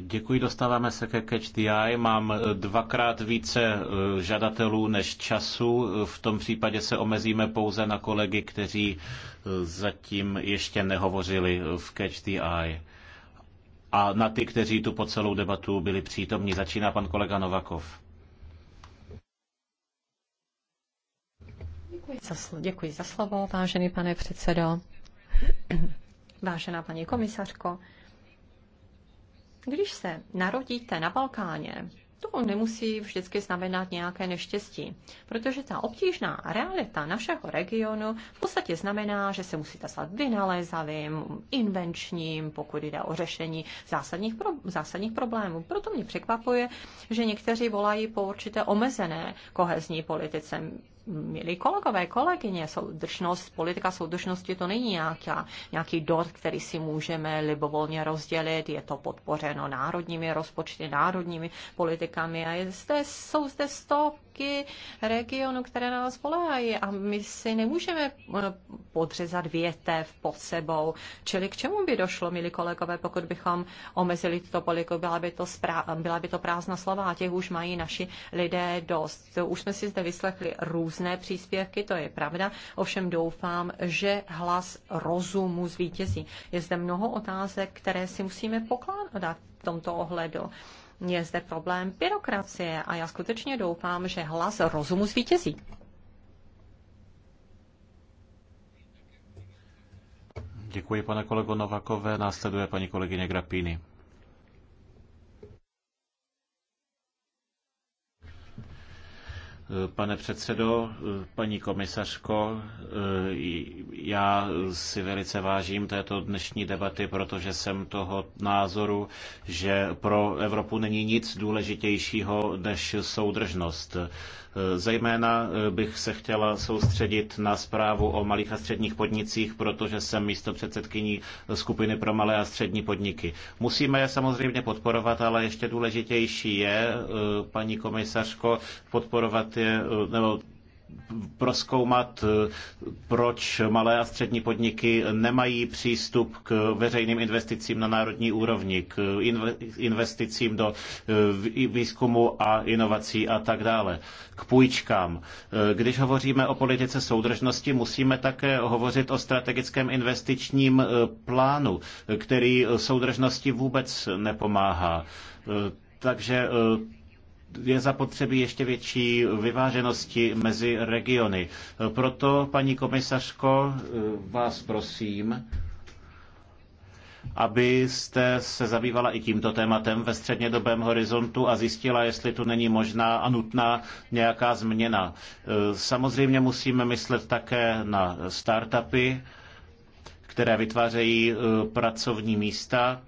Děkuji, dostáváme se ke Catch the Eye. Mám eh, dvakrát více eh, žadatelů než času. V tom případě se omezíme pouze na kolegy, kteří eh, zatím ještě nehovořili v Catch the Eye. A na ty, kteří tu po celou debatu byli přítomní, začíná pan kolega Novakov. Děkuji za, slo- děkuji za slovo, vážený pane předsedo. Vážená paní komisařko, když se narodíte na Balkáně, to nemusí vždycky znamenat nějaké neštěstí, protože ta obtížná realita našeho regionu v podstatě znamená, že se musíte stát vynalézavým, invenčním, pokud jde o řešení zásadních, pro, zásadních problémů. Proto mě překvapuje, že někteří volají po určité omezené kohezní politice milí kolegové, kolegyně, soudržnost, politika soudržnosti to není nějaká, nějaký dort, který si můžeme libovolně rozdělit, je to podpořeno národními rozpočty, národními politikami a je zde, jsou zde 100 prvky regionu, které na nás spolehají a my si nemůžeme podřezat větev pod sebou. Čili k čemu by došlo, milí kolegové, pokud bychom omezili tuto politiku, byla by to, sprá- byla by to prázdná slova a těch už mají naši lidé dost. Už jsme si zde vyslechli různé příspěvky, to je pravda, ovšem doufám, že hlas rozumu zvítězí. Je zde mnoho otázek, které si musíme pokládat v tomto ohledu je zde problém byrokracie a já skutečně doufám, že hlas rozumu zvítězí. Děkuji, pane kolego Novakové. Následuje paní kolegyně Grapíny. Pane předsedo, paní komisařko, já si velice vážím této dnešní debaty, protože jsem toho názoru, že pro Evropu není nic důležitějšího než soudržnost. Zejména eh, bych se chtěla soustředit na zprávu o malých a středních podnicích, protože jsem místo předsedkyní skupiny pro malé a střední podniky. Musíme je samozřejmě podporovat, ale ještě důležitější je, eh, paní komisařko, podporovat je, eh, nebo proskoumat, eh, proč malé a střední podniky nemají přístup k veřejným investicím na národní úrovni, k investicím do eh, výzkumu a inovací a tak dále, k půjčkám. Eh, když hovoříme o politice soudržnosti, musíme také hovořit o strategickém investičním plánu, který soudržnosti vůbec nepomáhá. Takže je zapotřebí ještě větší vyváženosti mezi regiony. Proto, paní komisařko, eh, vás prosím, abyste se zabývala i tímto tématem ve střednědobém horizontu a zjistila, jestli tu není možná a nutná nějaká změna. Eh, samozřejmě musíme myslet také na startupy, které vytvářejí eh, pracovní místa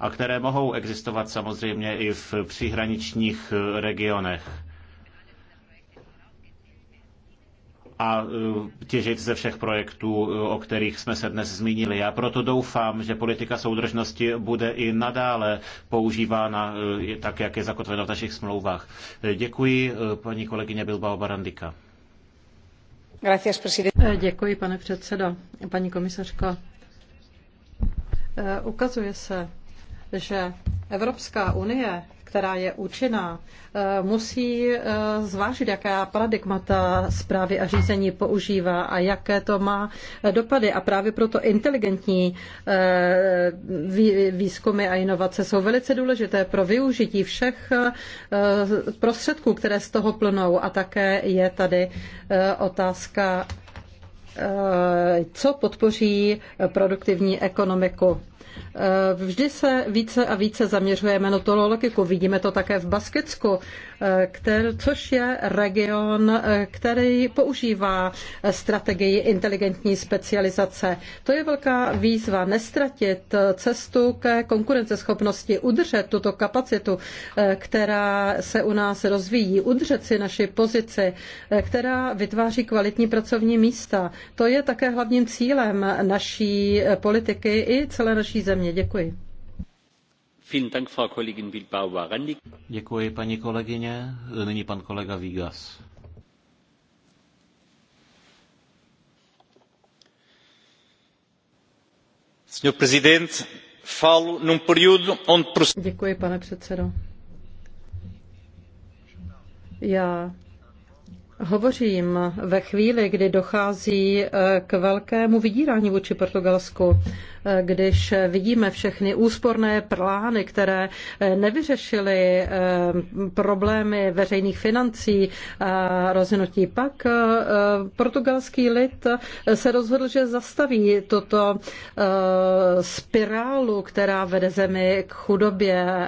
a které mohou existovat samozřejmě i v příhraničních regionech. a e, těžit ze všech projektů, e, o kterých jsme se dnes zmínili. Já proto doufám, že politika soudržnosti bude i nadále používána e, tak, jak je zakotvena v našich smlouvách. Děkuji, paní kolegyně Bilbao Barandika. Děkuji, pane předsedo. Paní komisařko, ukazuje se, že Evropská unie, která je účinná, eh, musí eh, zvážit, jaká paradigmata zprávy a řízení používá a jaké to má eh, dopady. A právě proto inteligentní výzkumy a inovace jsou velice důležité pro využití všech prostředků, které z toho plnou. A také je tady otázka co podpoří produktivní ekonomiku. Eh, vždy se více a více zaměřujeme na to logiku. Vidíme to také v Baskicku, eh, který, což je region, eh, který používá strategii inteligentní specializace. To je velká výzva nestratit cestu ke konkurenceschopnosti, udržet tuto kapacitu, která se u nás rozvíjí, udržet si naši pozici, která vytváří kvalitní pracovní místa. To je také hlavním cílem naší politiky i celé naší země. Děkuji. Děkuji, paní kolegyně. Nyní pan kolega Vigas. Děkuji, pane předsedo. Já Hovořím ve chvíli, kdy dochází eh, k velkému vydírání vůči Portugalsku, eh, když vidíme všechny úsporné plány, které eh, nevyřešily problémy veřejných financí a rozhodnutí. Pak portugalský lid se rozhodl, že zastaví toto spirálu, která vede zemi k chudobě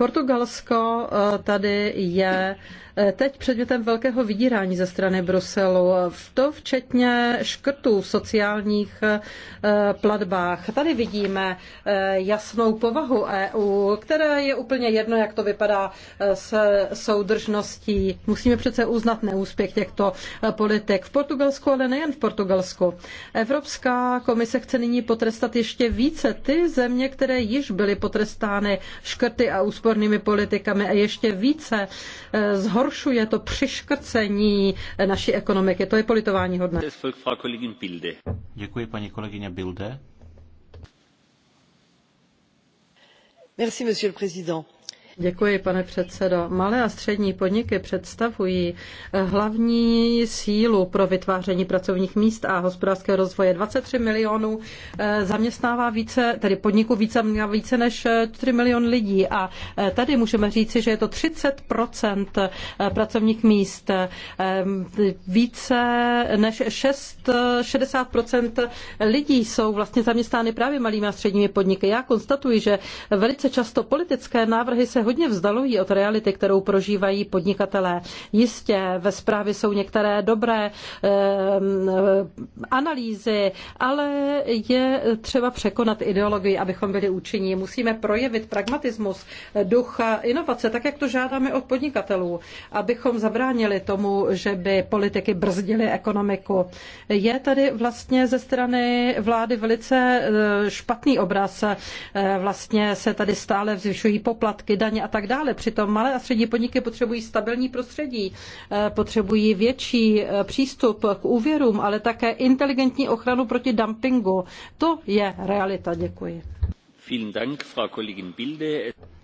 Portugalsko eh, tady je eh, teď předmětem velkého vydírání ze strany Bruselu, v to včetně škrtů v sociálních eh, platbách. Tady vidíme jasnou povahu EU, které je úplně jedno, jak to vypadá s soudržností. Musíme přece uznat neúspěch těchto politik v Portugalsku, ale nejen v Portugalsku. Evropská komise chce nyní potrestat ještě více ty země, které již byly potrestány škrty a úspory úspornými politikami a ještě více eh, zhoršuje to přiškrcení eh, naší ekonomiky. To je politování hodné. Děkuji paní kolegyně Bilde. Merci, monsieur le président Děkuji, pane předsedo. Malé a střední podniky představují eh, hlavní sílu pro vytváření pracovních míst a hospodářského rozvoje. 23 milionů eh, zaměstnává více, tedy podniků více, více než 3 eh, milion lidí. A tady můžeme říci, že je to 30 pracovních míst, více než 6, 60 lidí jsou vlastně zaměstnány právě malými a středními podniky. Já konstatuji, že velice často politické návrhy se hodně vzdalují od reality, kterou prožívají podnikatelé. Jistě ve zprávě jsou některé dobré eh, analýzy, ale je třeba překonat ideologii, abychom byli účinní. Musíme projevit pragmatismus, duch inovace, tak jak to žádáme od podnikatelů, abychom zabránili tomu, že by politiky brzdily ekonomiku. Je tady vlastně ze strany vlády velice eh, špatný obraz. Eh, vlastně se tady stále zvyšují poplatky, daně daně a tak dále. Přitom malé a střední podniky potřebují stabilní prostředí, eh, potřebují větší eh, přístup k úvěrům, ale také inteligentní ochranu proti dumpingu. To je realita. Děkuji.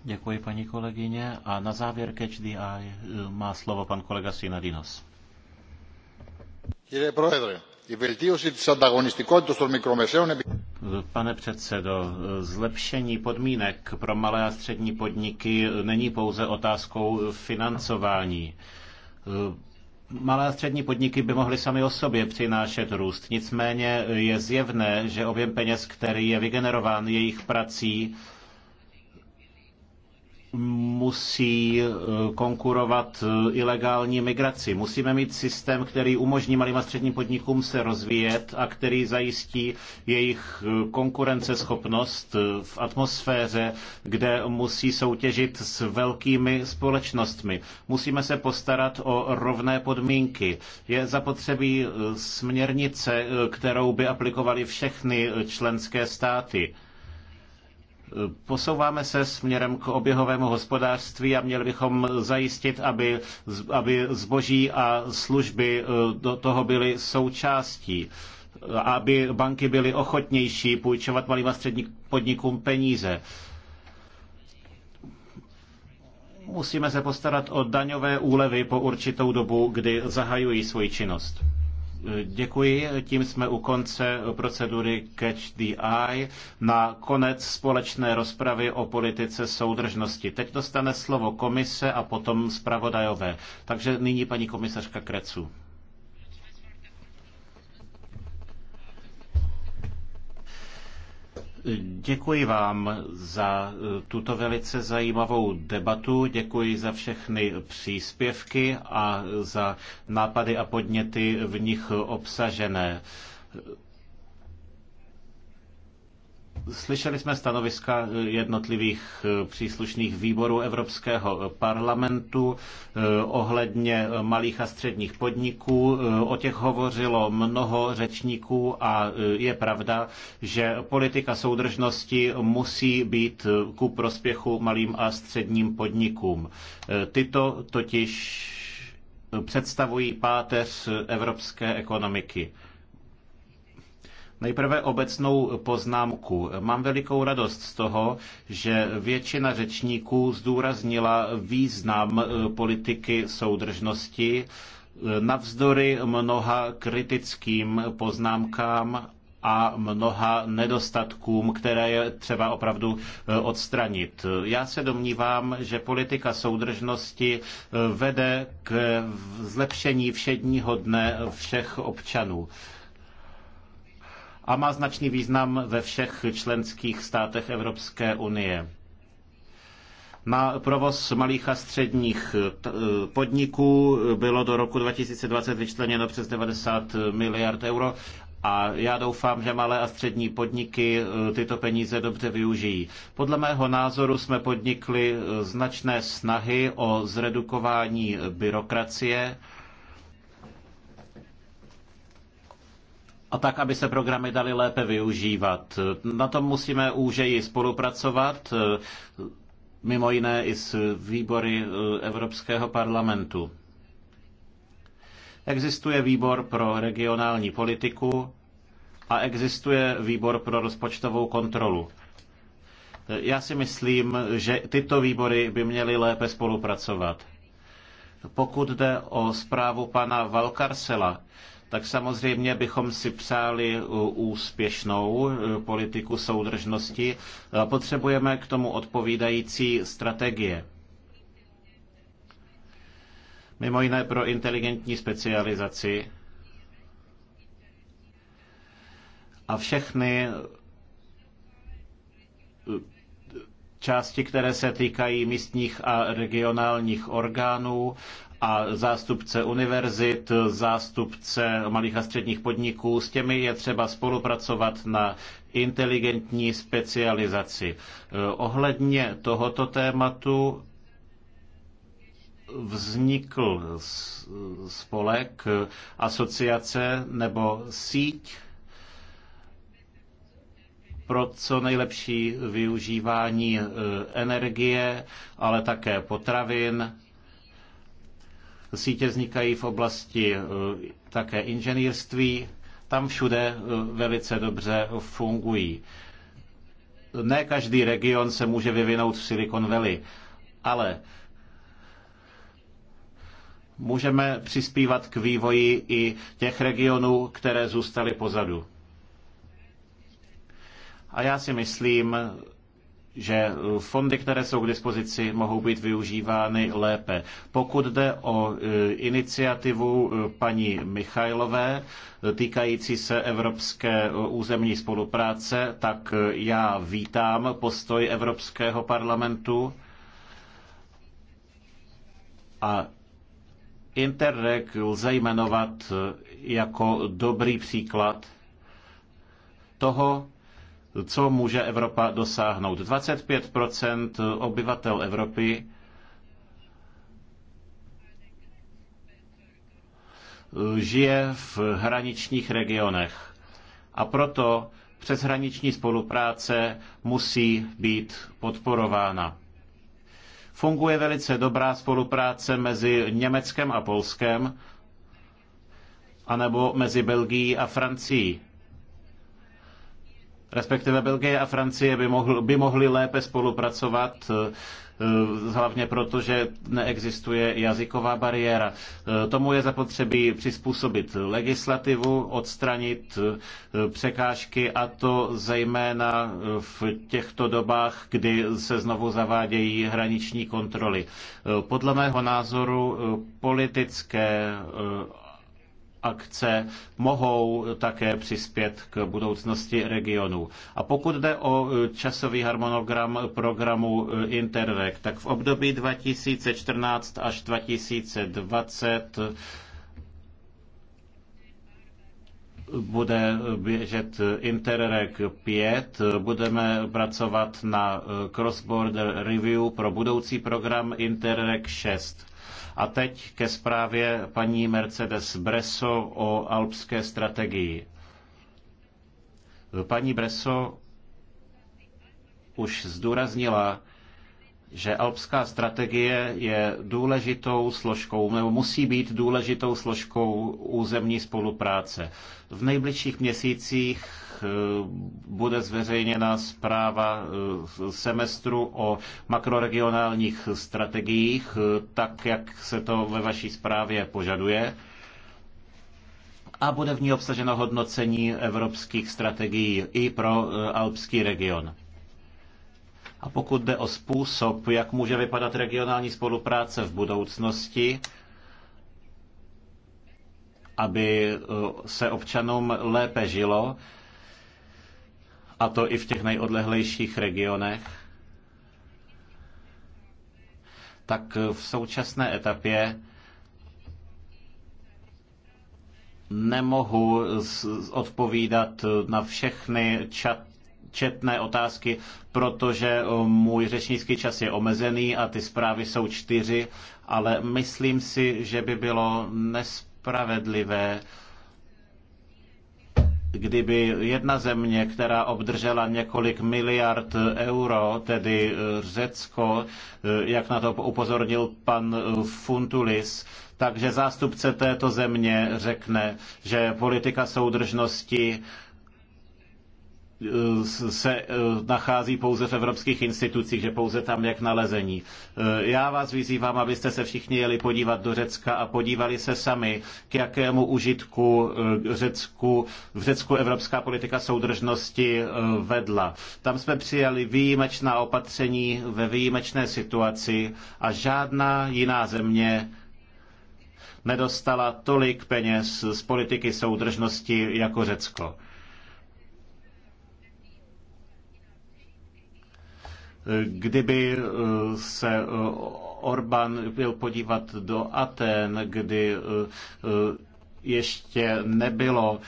Děkuji, paní kolegyně. A na závěr Catch the Eye eh, má slovo pan kolega Sinadinos. Děkuji, Pane předsedo, zlepšení podmínek pro malé a střední podniky není pouze otázkou financování. Malé a střední podniky by mohly sami o sobě přinášet růst, nicméně je zjevné, že objem peněz, který je vygenerován jejich prací, musí eh, konkurovat eh, ilegální migraci. Musíme mít systém, který umožní malým a středním podnikům se rozvíjet a který zajistí jejich eh, konkurenceschopnost v atmosféře, kde musí soutěžit s velkými společnostmi. Musíme se postarat o rovné podmínky. Je zapotřebí směrnice, kterou by aplikovali všechny členské státy Posouváme se směrem k oběhovému hospodářství a měli bychom zajistit, aby, aby zboží a služby e, do toho byly součástí aby banky byly ochotnější půjčovat malým a středním podnikům peníze. Musíme se postarat o daňové úlevy po určitou dobu, kdy zahajují svoji činnost. Děkuji, tím jsme u konce procedury Catch the Eye na konec společné rozpravy o politice soudržnosti. Teď dostane slovo komise a potom zpravodajové. Takže nyní paní komisařka Krecu. Děkuji vám za eh, tuto velice zajímavou debatu, děkuji za všechny příspěvky a za nápady a podněty v nich obsažené. Slyšeli jsme stanoviska eh, jednotlivých eh, příslušných výborů Evropského eh, parlamentu ohledně malých a středních podniků. O těch hovořilo mnoho řečníků a je pravda, že politika soudržnosti musí být ku prospěchu malým a středním podnikům. Tyto totiž představují páteř evropské ekonomiky. Nejprve obecnou poznámku. Mám velikou radost z toho, že většina řečníků zdůraznila význam eh, politiky soudržnosti eh, navzdory mnoha kritickým poznámkám a mnoha nedostatkům, které je třeba opravdu eh, odstranit. Já se domnívám, že politika soudržnosti vede k zlepšení všedního dne všech občanů a má značný význam ve všech členských státech Evropské unie. Na provoz malých a středních eh, eh, podniků bylo do roku 2020 vyčleněno přes 90 miliard euro a já doufám, že malé a střední podniky eh, tyto peníze dobře využijí. Podle mého názoru jsme podnikli značné snahy o zredukování byrokracie a tak, aby se programy daly lépe využívat. Na tom musíme úžeji spolupracovat, mimo jiné i s výbory eh, Evropského parlamentu. Existuje výbor pro regionální politiku a existuje výbor pro rozpočtovou kontrolu. Eh, já si myslím, že tyto výbory by měly lépe spolupracovat. Pokud jde o zprávu pana Valkarsela, tak samozřejmě bychom si přáli e, úspěšnou e, politiku soudržnosti. E, potřebujeme k tomu odpovídající strategie. Mimo jiné pro inteligentní specializaci. A všechny části, které se týkají místních a regionálních orgánů a zástupce univerzit, zástupce malých a středních podniků. S těmi je třeba spolupracovat na inteligentní specializaci. Eh, ohledně tohoto tématu vznikl spolek, eh, asociace nebo síť pro co nejlepší využívání eh, energie, ale také potravin Sítě vznikají v oblasti e, také inženýrství, tam všude e, velice dobře fungují. Ne každý region se může vyvinout v Silicon Valley, ale můžeme přispívat k vývoji i těch regionů, které zůstaly pozadu. A já si myslím, že eh, fondy, které jsou k dispozici, mohou být využívány lépe. Pokud jde o eh, iniciativu eh, paní Michajlové týkající se evropské územní spolupráce, tak já vítám postoj Evropského parlamentu a Interreg lze jmenovat jako dobrý příklad toho, co může Evropa dosáhnout. 25 obyvatel Evropy žije v hraničních regionech. A proto přeshraniční spolupráce musí být podporována. Funguje velice dobrá spolupráce mezi Německem a Polskem, anebo mezi Belgií a Francií respektive Belgie a Francie by, mohl, by mohly lépe spolupracovat, eh, eh, hlavně proto, že neexistuje jazyková bariéra. Eh, tomu je zapotřebí přizpůsobit legislativu, odstranit překážky a to zejména v těchto dobách, kdy se znovu zavádějí hraniční kontroly. Podle mého názoru politické akce mohou také přispět k budoucnosti regionu. A pokud jde o e, časový harmonogram programu e, Interreg, tak v období 2014 až 2020 bude běžet Interreg 5, budeme pracovat na e, cross-border review pro budoucí program Interreg 6 a teď ke zprávě paní Mercedes Breso o alpské strategii. Paní Breso už zdůraznila, že alpská strategie je důležitou složkou, nebo musí být důležitou složkou územní spolupráce. V nejbližších měsících eh, bude zveřejněna zpráva eh, semestru o makroregionálních strategiích, eh, tak jak se to ve vaší zprávě požaduje a bude v ní obsaženo hodnocení evropských strategií i pro alpský region. A pokud jde o způsob, jak může vypadat regionální spolupráce v budoucnosti, aby eh, se občanům lépe žilo, a to i v těch nejodlehlejších regionech, tak v současné etapě nemohu odpovídat na všechny čat, četné otázky, protože eh, můj řečnický čas je omezený a ty zprávy jsou čtyři, ale myslím si, že by bylo nespravedlivé kdyby jedna země, která obdržela několik miliard euro, tedy eh, Řecko, eh, jak na to upozornil pan Funtulis, takže zástupce této země řekne, že politika soudržnosti Eh, se eh, nachází pouze v evropských institucích, že pouze tam jak nalezení. Eh, já vás vyzývám, abyste se všichni jeli podívat do Řecka a podívali se sami, k jakému užitku Řecku, v Řecku evropská politika soudržnosti vedla. Tam jsme přijali výjimečná opatření ve výjimečné situaci a žádná jiná země nedostala tolik peněz z politiky soudržnosti jako Řecko. Kdyby eh, se eh, Orbán byl podívat do Aten, kdy eh, ještě nebylo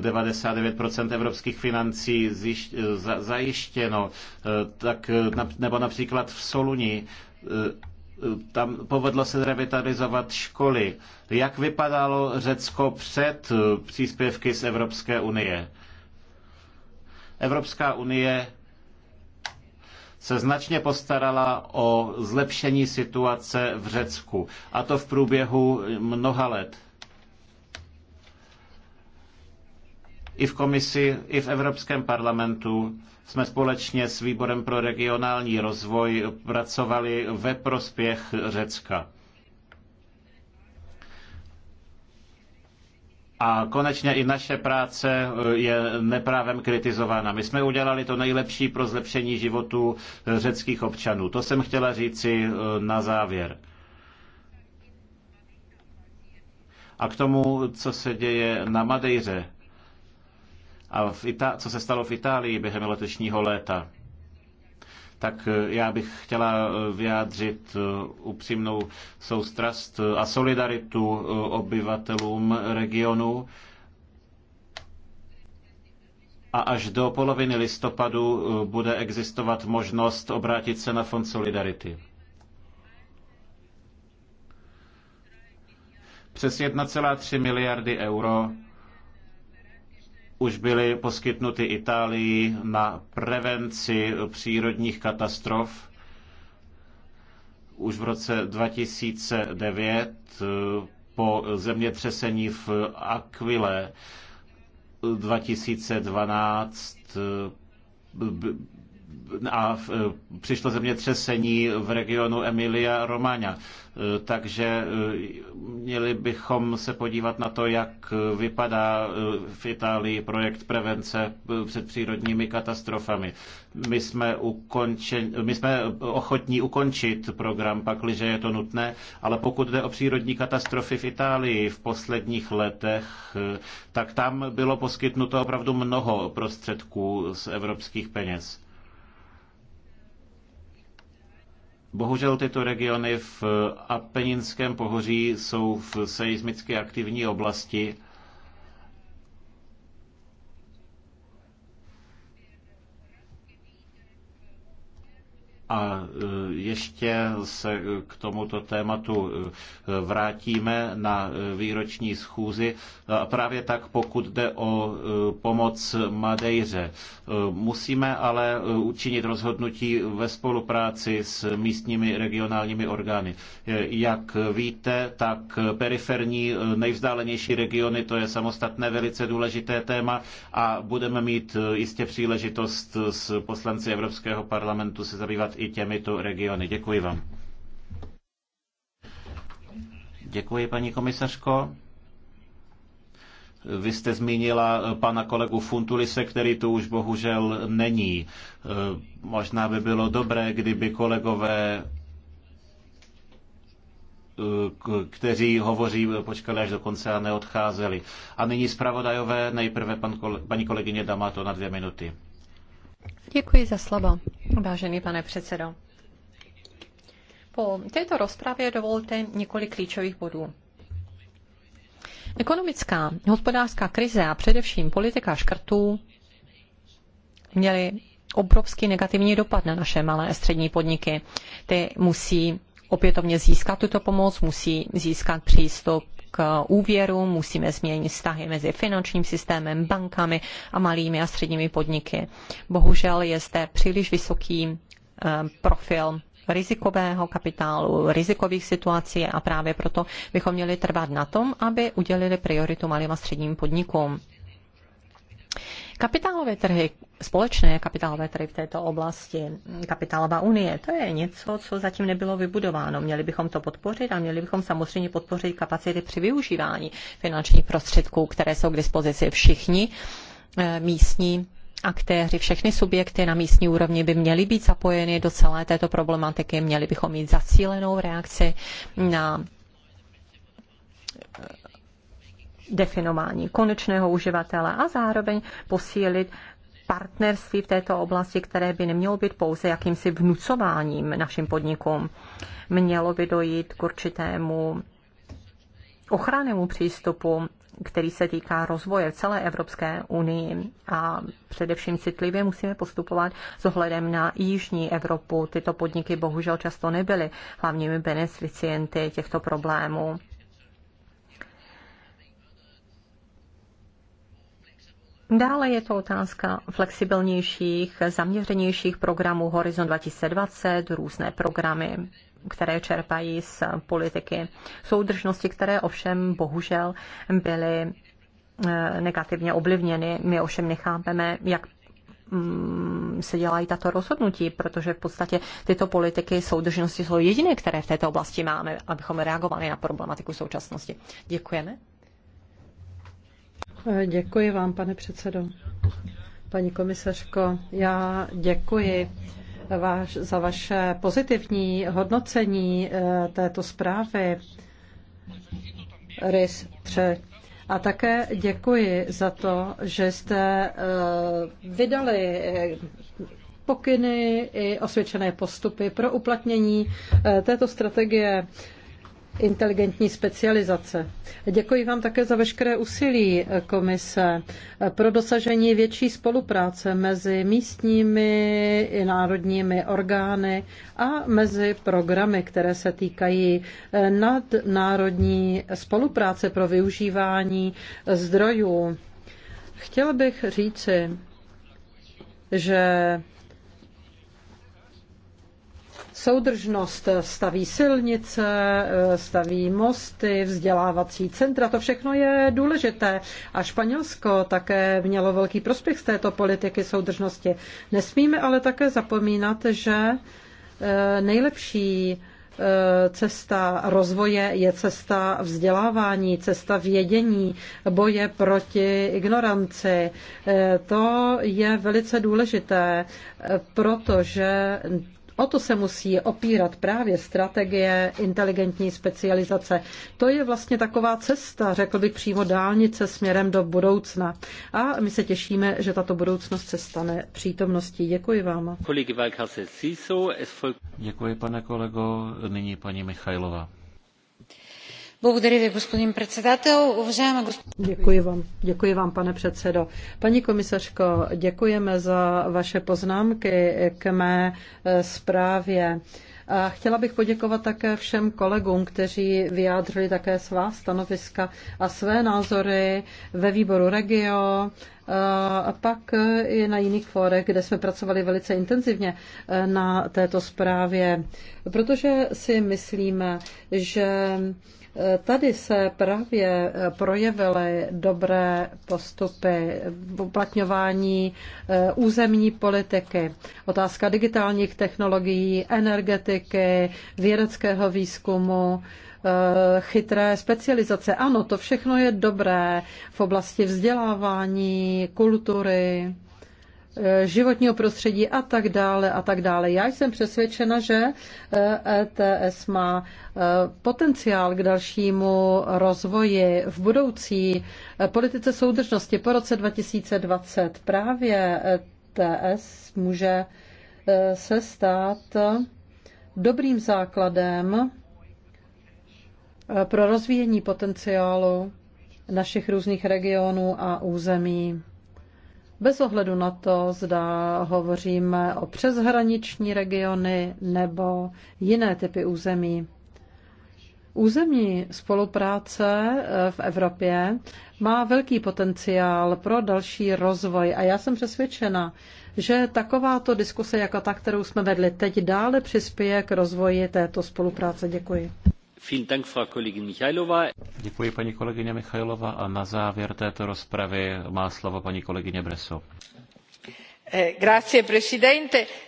99% evropských financí zajištěno, tak, nebo například v Soluni, tam povedlo se revitalizovat školy. Jak vypadalo Řecko před příspěvky z Evropské unie? Evropská unie se značně postarala o zlepšení situace v Řecku, a to v průběhu mnoha let. I v komisi, i v Evropském parlamentu jsme společně s Výborem pro regionální rozvoj pracovali ve prospěch Řecka. A konečně i naše práce eh, je neprávem kritizována. My jsme udělali to nejlepší pro zlepšení životu eh, řeckých občanů. To jsem chtěla říci eh, na závěr. A k tomu, co se děje na Madejře a v Ita- co se stalo v Itálii během letošního léta tak eh, já bych chtěla eh, vyjádřit eh, upřímnou soustrast a solidaritu obyvatelům regionu. A až do poloviny listopadu bude existovat možnost obrátit se na Fond Solidarity. Přes 1,3 miliardy euro už byly poskytnuty Itálii na prevenci přírodních katastrof. Už v roce 2009 eh, po zemětřesení v Aquile 2012 eh, a e, přišlo zemětřesení v regionu Emilia Romagna. E, takže e, měli bychom se podívat na to, jak vypadá v Itálii projekt prevence před přírodními katastrofami. My jsme, ukončen, my jsme ochotní ukončit program, pakliže je to nutné, ale pokud jde o přírodní katastrofy v Itálii v posledních letech, tak tam bylo poskytnuto opravdu mnoho prostředků z evropských peněz. Bohužel tyto regiony v eh, Apeninském pohoří jsou v seismicky aktivní oblasti A e, ještě se k tomuto tématu e, vrátíme na e, výroční schůzi. A právě tak, pokud jde o pomoc Madejře. Musíme ale učinit rozhodnutí ve spolupráci s místními regionálními orgány. Jak víte, tak periferní nejvzdálenější regiony, to je samostatné velice důležité téma a budeme mít jistě příležitost s poslanci Evropského parlamentu se zabývat i těmito regiony. Děkuji vám. Děkuji, paní komisařko. Vy jste zmínila eh, pana kolegu Funtulise, který tu už bohužel není. Eh, možná by bylo dobré, kdyby kolegové, eh, kteří hovoří, počkali až do konce a neodcházeli. A nyní zpravodajové, nejprve pan, paní kolegyně Damato na dvě minuty. Děkuji za slovo, vážený pane předsedo. Po této rozpravě dovolte několik klíčových bodů. Ekonomická, hospodářská krize a především politika škrtů měly obrovský negativní dopad na naše malé a střední podniky. Ty musí opětovně získat tuto pomoc, musí získat přístup k úvěru, musíme změnit vztahy mezi finančním systémem, bankami a malými a středními podniky. Bohužel je zde příliš vysoký eh, profil rizikového kapitálu, rizikových situací a právě proto bychom měli trvat na tom, aby udělili prioritu malým a středním podnikům. Kapitálové trhy, společné kapitálové trhy v této oblasti, kapitálová unie, to je něco, co zatím nebylo vybudováno. Měli bychom to podpořit a měli bychom samozřejmě podpořit kapacity při využívání finančních prostředků, které jsou k dispozici všichni eh, místní aktéři, všechny subjekty na místní úrovni by měly být zapojeny do celé této problematiky, měli bychom mít zacílenou reakci na definování konečného uživatele a zároveň posílit partnerství v této oblasti, které by nemělo být pouze jakýmsi vnucováním našim podnikům. Mělo by dojít k určitému ochrannému přístupu, který se týká rozvoje v celé Evropské unii a především citlivě musíme postupovat s ohledem na jižní Evropu. Tyto podniky bohužel často nebyly hlavními beneficienty těchto problémů. Dále je to otázka flexibilnějších, zaměřenějších programů Horizon 2020, různé programy, které čerpají z politiky soudržnosti, které ovšem bohužel byly eh, negativně ovlivněny. My ovšem nechápeme, jak mm, se dělají tato rozhodnutí, protože v podstatě tyto politiky soudržnosti jsou jediné, které v této oblasti máme, abychom reagovali na problematiku současnosti. Děkujeme. Děkuji vám, pane předsedo. Paní komisařko, já děkuji váš, za vaše pozitivní hodnocení eh, této zprávy RIS 3. A také děkuji za to, že jste eh, vydali eh, pokyny i osvědčené postupy pro uplatnění této strategie inteligentní specializace. Děkuji vám také za veškeré úsilí komise pro dosažení větší spolupráce mezi místními i národními orgány a mezi programy, které se týkají nadnárodní spolupráce pro využívání zdrojů. Chtěl bych říci, že soudržnost, staví silnice, staví mosty, vzdělávací centra, to všechno je důležité. A Španělsko také mělo velký prospěch z této politiky soudržnosti. Nesmíme ale také zapomínat, že e, nejlepší e, cesta rozvoje je cesta vzdělávání, cesta vědění, boje proti ignoranci. E, to je velice důležité, protože O to se musí opírat právě strategie inteligentní specializace. To je vlastně taková cesta, řekl bych přímo dálnice směrem do budoucna. A my se těšíme, že tato budoucnost se stane přítomností. Děkuji vám. Děkuji, pane kolego. Nyní paní Michajlova. Благодаря ви, господин председател. Уважаема господин... Děkuji vám. Děkuji vám, pane předsedo. Paní komisařko, děkujeme za vaše poznámky k mé e, zprávě. chtěla bych poděkovat také všem kolegům, kteří vyjádřili také svá stanoviska a své názory ve výboru Regio, a pak i na jiných fórech, kde jsme pracovali velice intenzivně e, na této zprávě, protože si myslíme, že Tady se právě projevily dobré postupy v uplatňování eh, územní politiky. Otázka digitálních technologií, energetiky, vědeckého výzkumu, eh, chytré specializace. Ano, to všechno je dobré v oblasti vzdělávání, kultury. Eh, životního prostředí a tak dále a tak dále. Já jsem přesvědčena, že ETS eh, e má eh, potenciál k dalšímu rozvoji v budoucí politice soudržnosti po roce 2020. Právě ETS může se stát dobrým základem pro rozvíjení potenciálu našich různých regionů a území bez ohledu na to, zda hovoříme o přeshraniční regiony nebo jiné typy území. Územní spolupráce eh, v Evropě má velký potenciál pro další rozvoj a já jsem přesvědčena, že takováto diskuse jako ta, kterou jsme vedli teď, dále přispěje k rozvoji této spolupráce. Děkuji. Děkuji paní kolegyně michailová a na závěr této rozpravy má slovo paní kolegyně Bresso. Eh,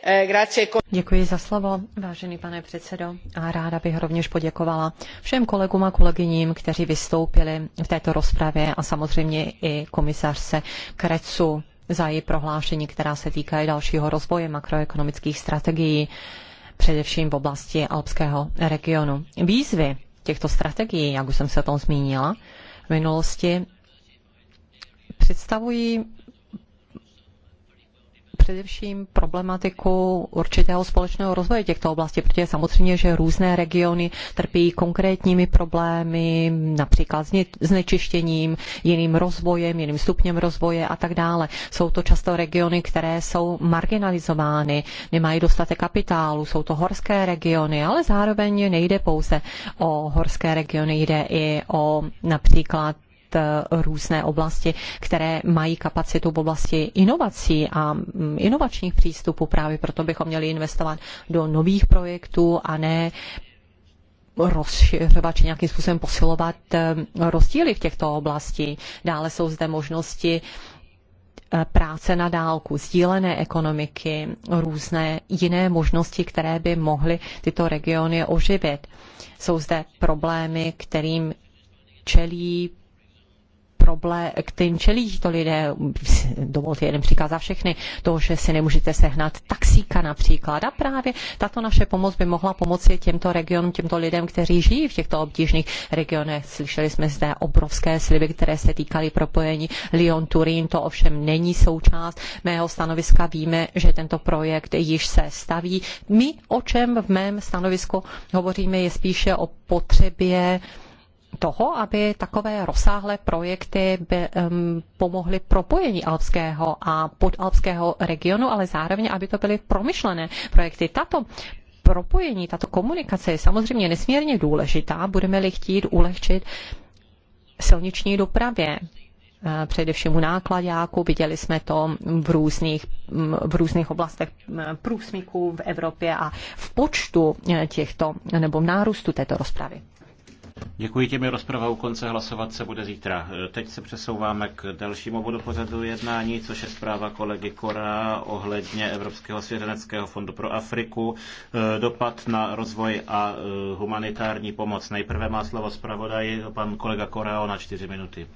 eh, Děkuji za slovo, vážený pane předsedo. A ráda bych rovněž poděkovala všem kolegům a kolegyním, kteří vystoupili v této rozpravě a samozřejmě i komisařce creuové za její prohlášení, která se týkají dalšího rozvoje makroekonomických strategií především v oblasti alpského regionu. Výzvy těchto strategií, jak už jsem se o tom zmínila v minulosti, představují především problematiku určitého společného rozvoje těchto oblastí, protože samozřejmě, že různé regiony trpí konkrétními problémy, například znečištěním, jiným rozvojem, jiným stupněm rozvoje a tak dále. Jsou to často regiony, které jsou marginalizovány, nemají dostatek kapitálu, jsou to horské regiony, ale zároveň nejde pouze o horské regiony, jde i o například Eh, různé oblasti, které mají kapacitu v oblasti inovací a mm, inovačních přístupů. Právě proto bychom měli investovat do nových projektů a ne rozšiřovat či nějakým způsobem posilovat eh, rozdíly v těchto oblasti. Dále jsou zde možnosti eh, práce na dálku, sdílené ekonomiky, různé jiné možnosti, které by mohly tyto regiony oživit. Jsou zde problémy, kterým čelí problém, kterým čelí to lidé, dovolte jeden příklad za všechny, to, že si nemůžete sehnat taxíka například. A právě tato naše pomoc by mohla pomoci těmto regionům, těmto lidem, kteří žijí v těchto obtížných regionech. Slyšeli jsme zde obrovské sliby, které se týkaly propojení Lyon-Turín. To ovšem není součást mého stanoviska. Víme, že tento projekt již se staví. My, o čem v mém stanovisku hovoříme, je spíše o potřebě toho, aby takové rozsáhlé projekty by, um, pomohly propojení alpského a podalpského regionu, ale zároveň, aby to byly promyšlené projekty. Tato propojení, tato komunikace je samozřejmě nesmírně důležitá, budeme-li chtít ulehčit silniční dopravě, eh, především u nákladáku. Viděli jsme to v různých, mm, v různých oblastech mm, průsmyků v Evropě a v počtu eh, těchto nebo v nárůstu této rozpravy. Děkuji těmi rozprava u konce hlasovat se bude zítra. E, teď se přesouváme k dalšímu bodu pořadu jednání, což je zpráva kolegy Kora ohledně Evropského svěřeneckého fondu pro Afriku. E, dopad na rozvoj a e, humanitární pomoc. Nejprve má slovo zpravodaj pan kolega Kora na čtyři minuty.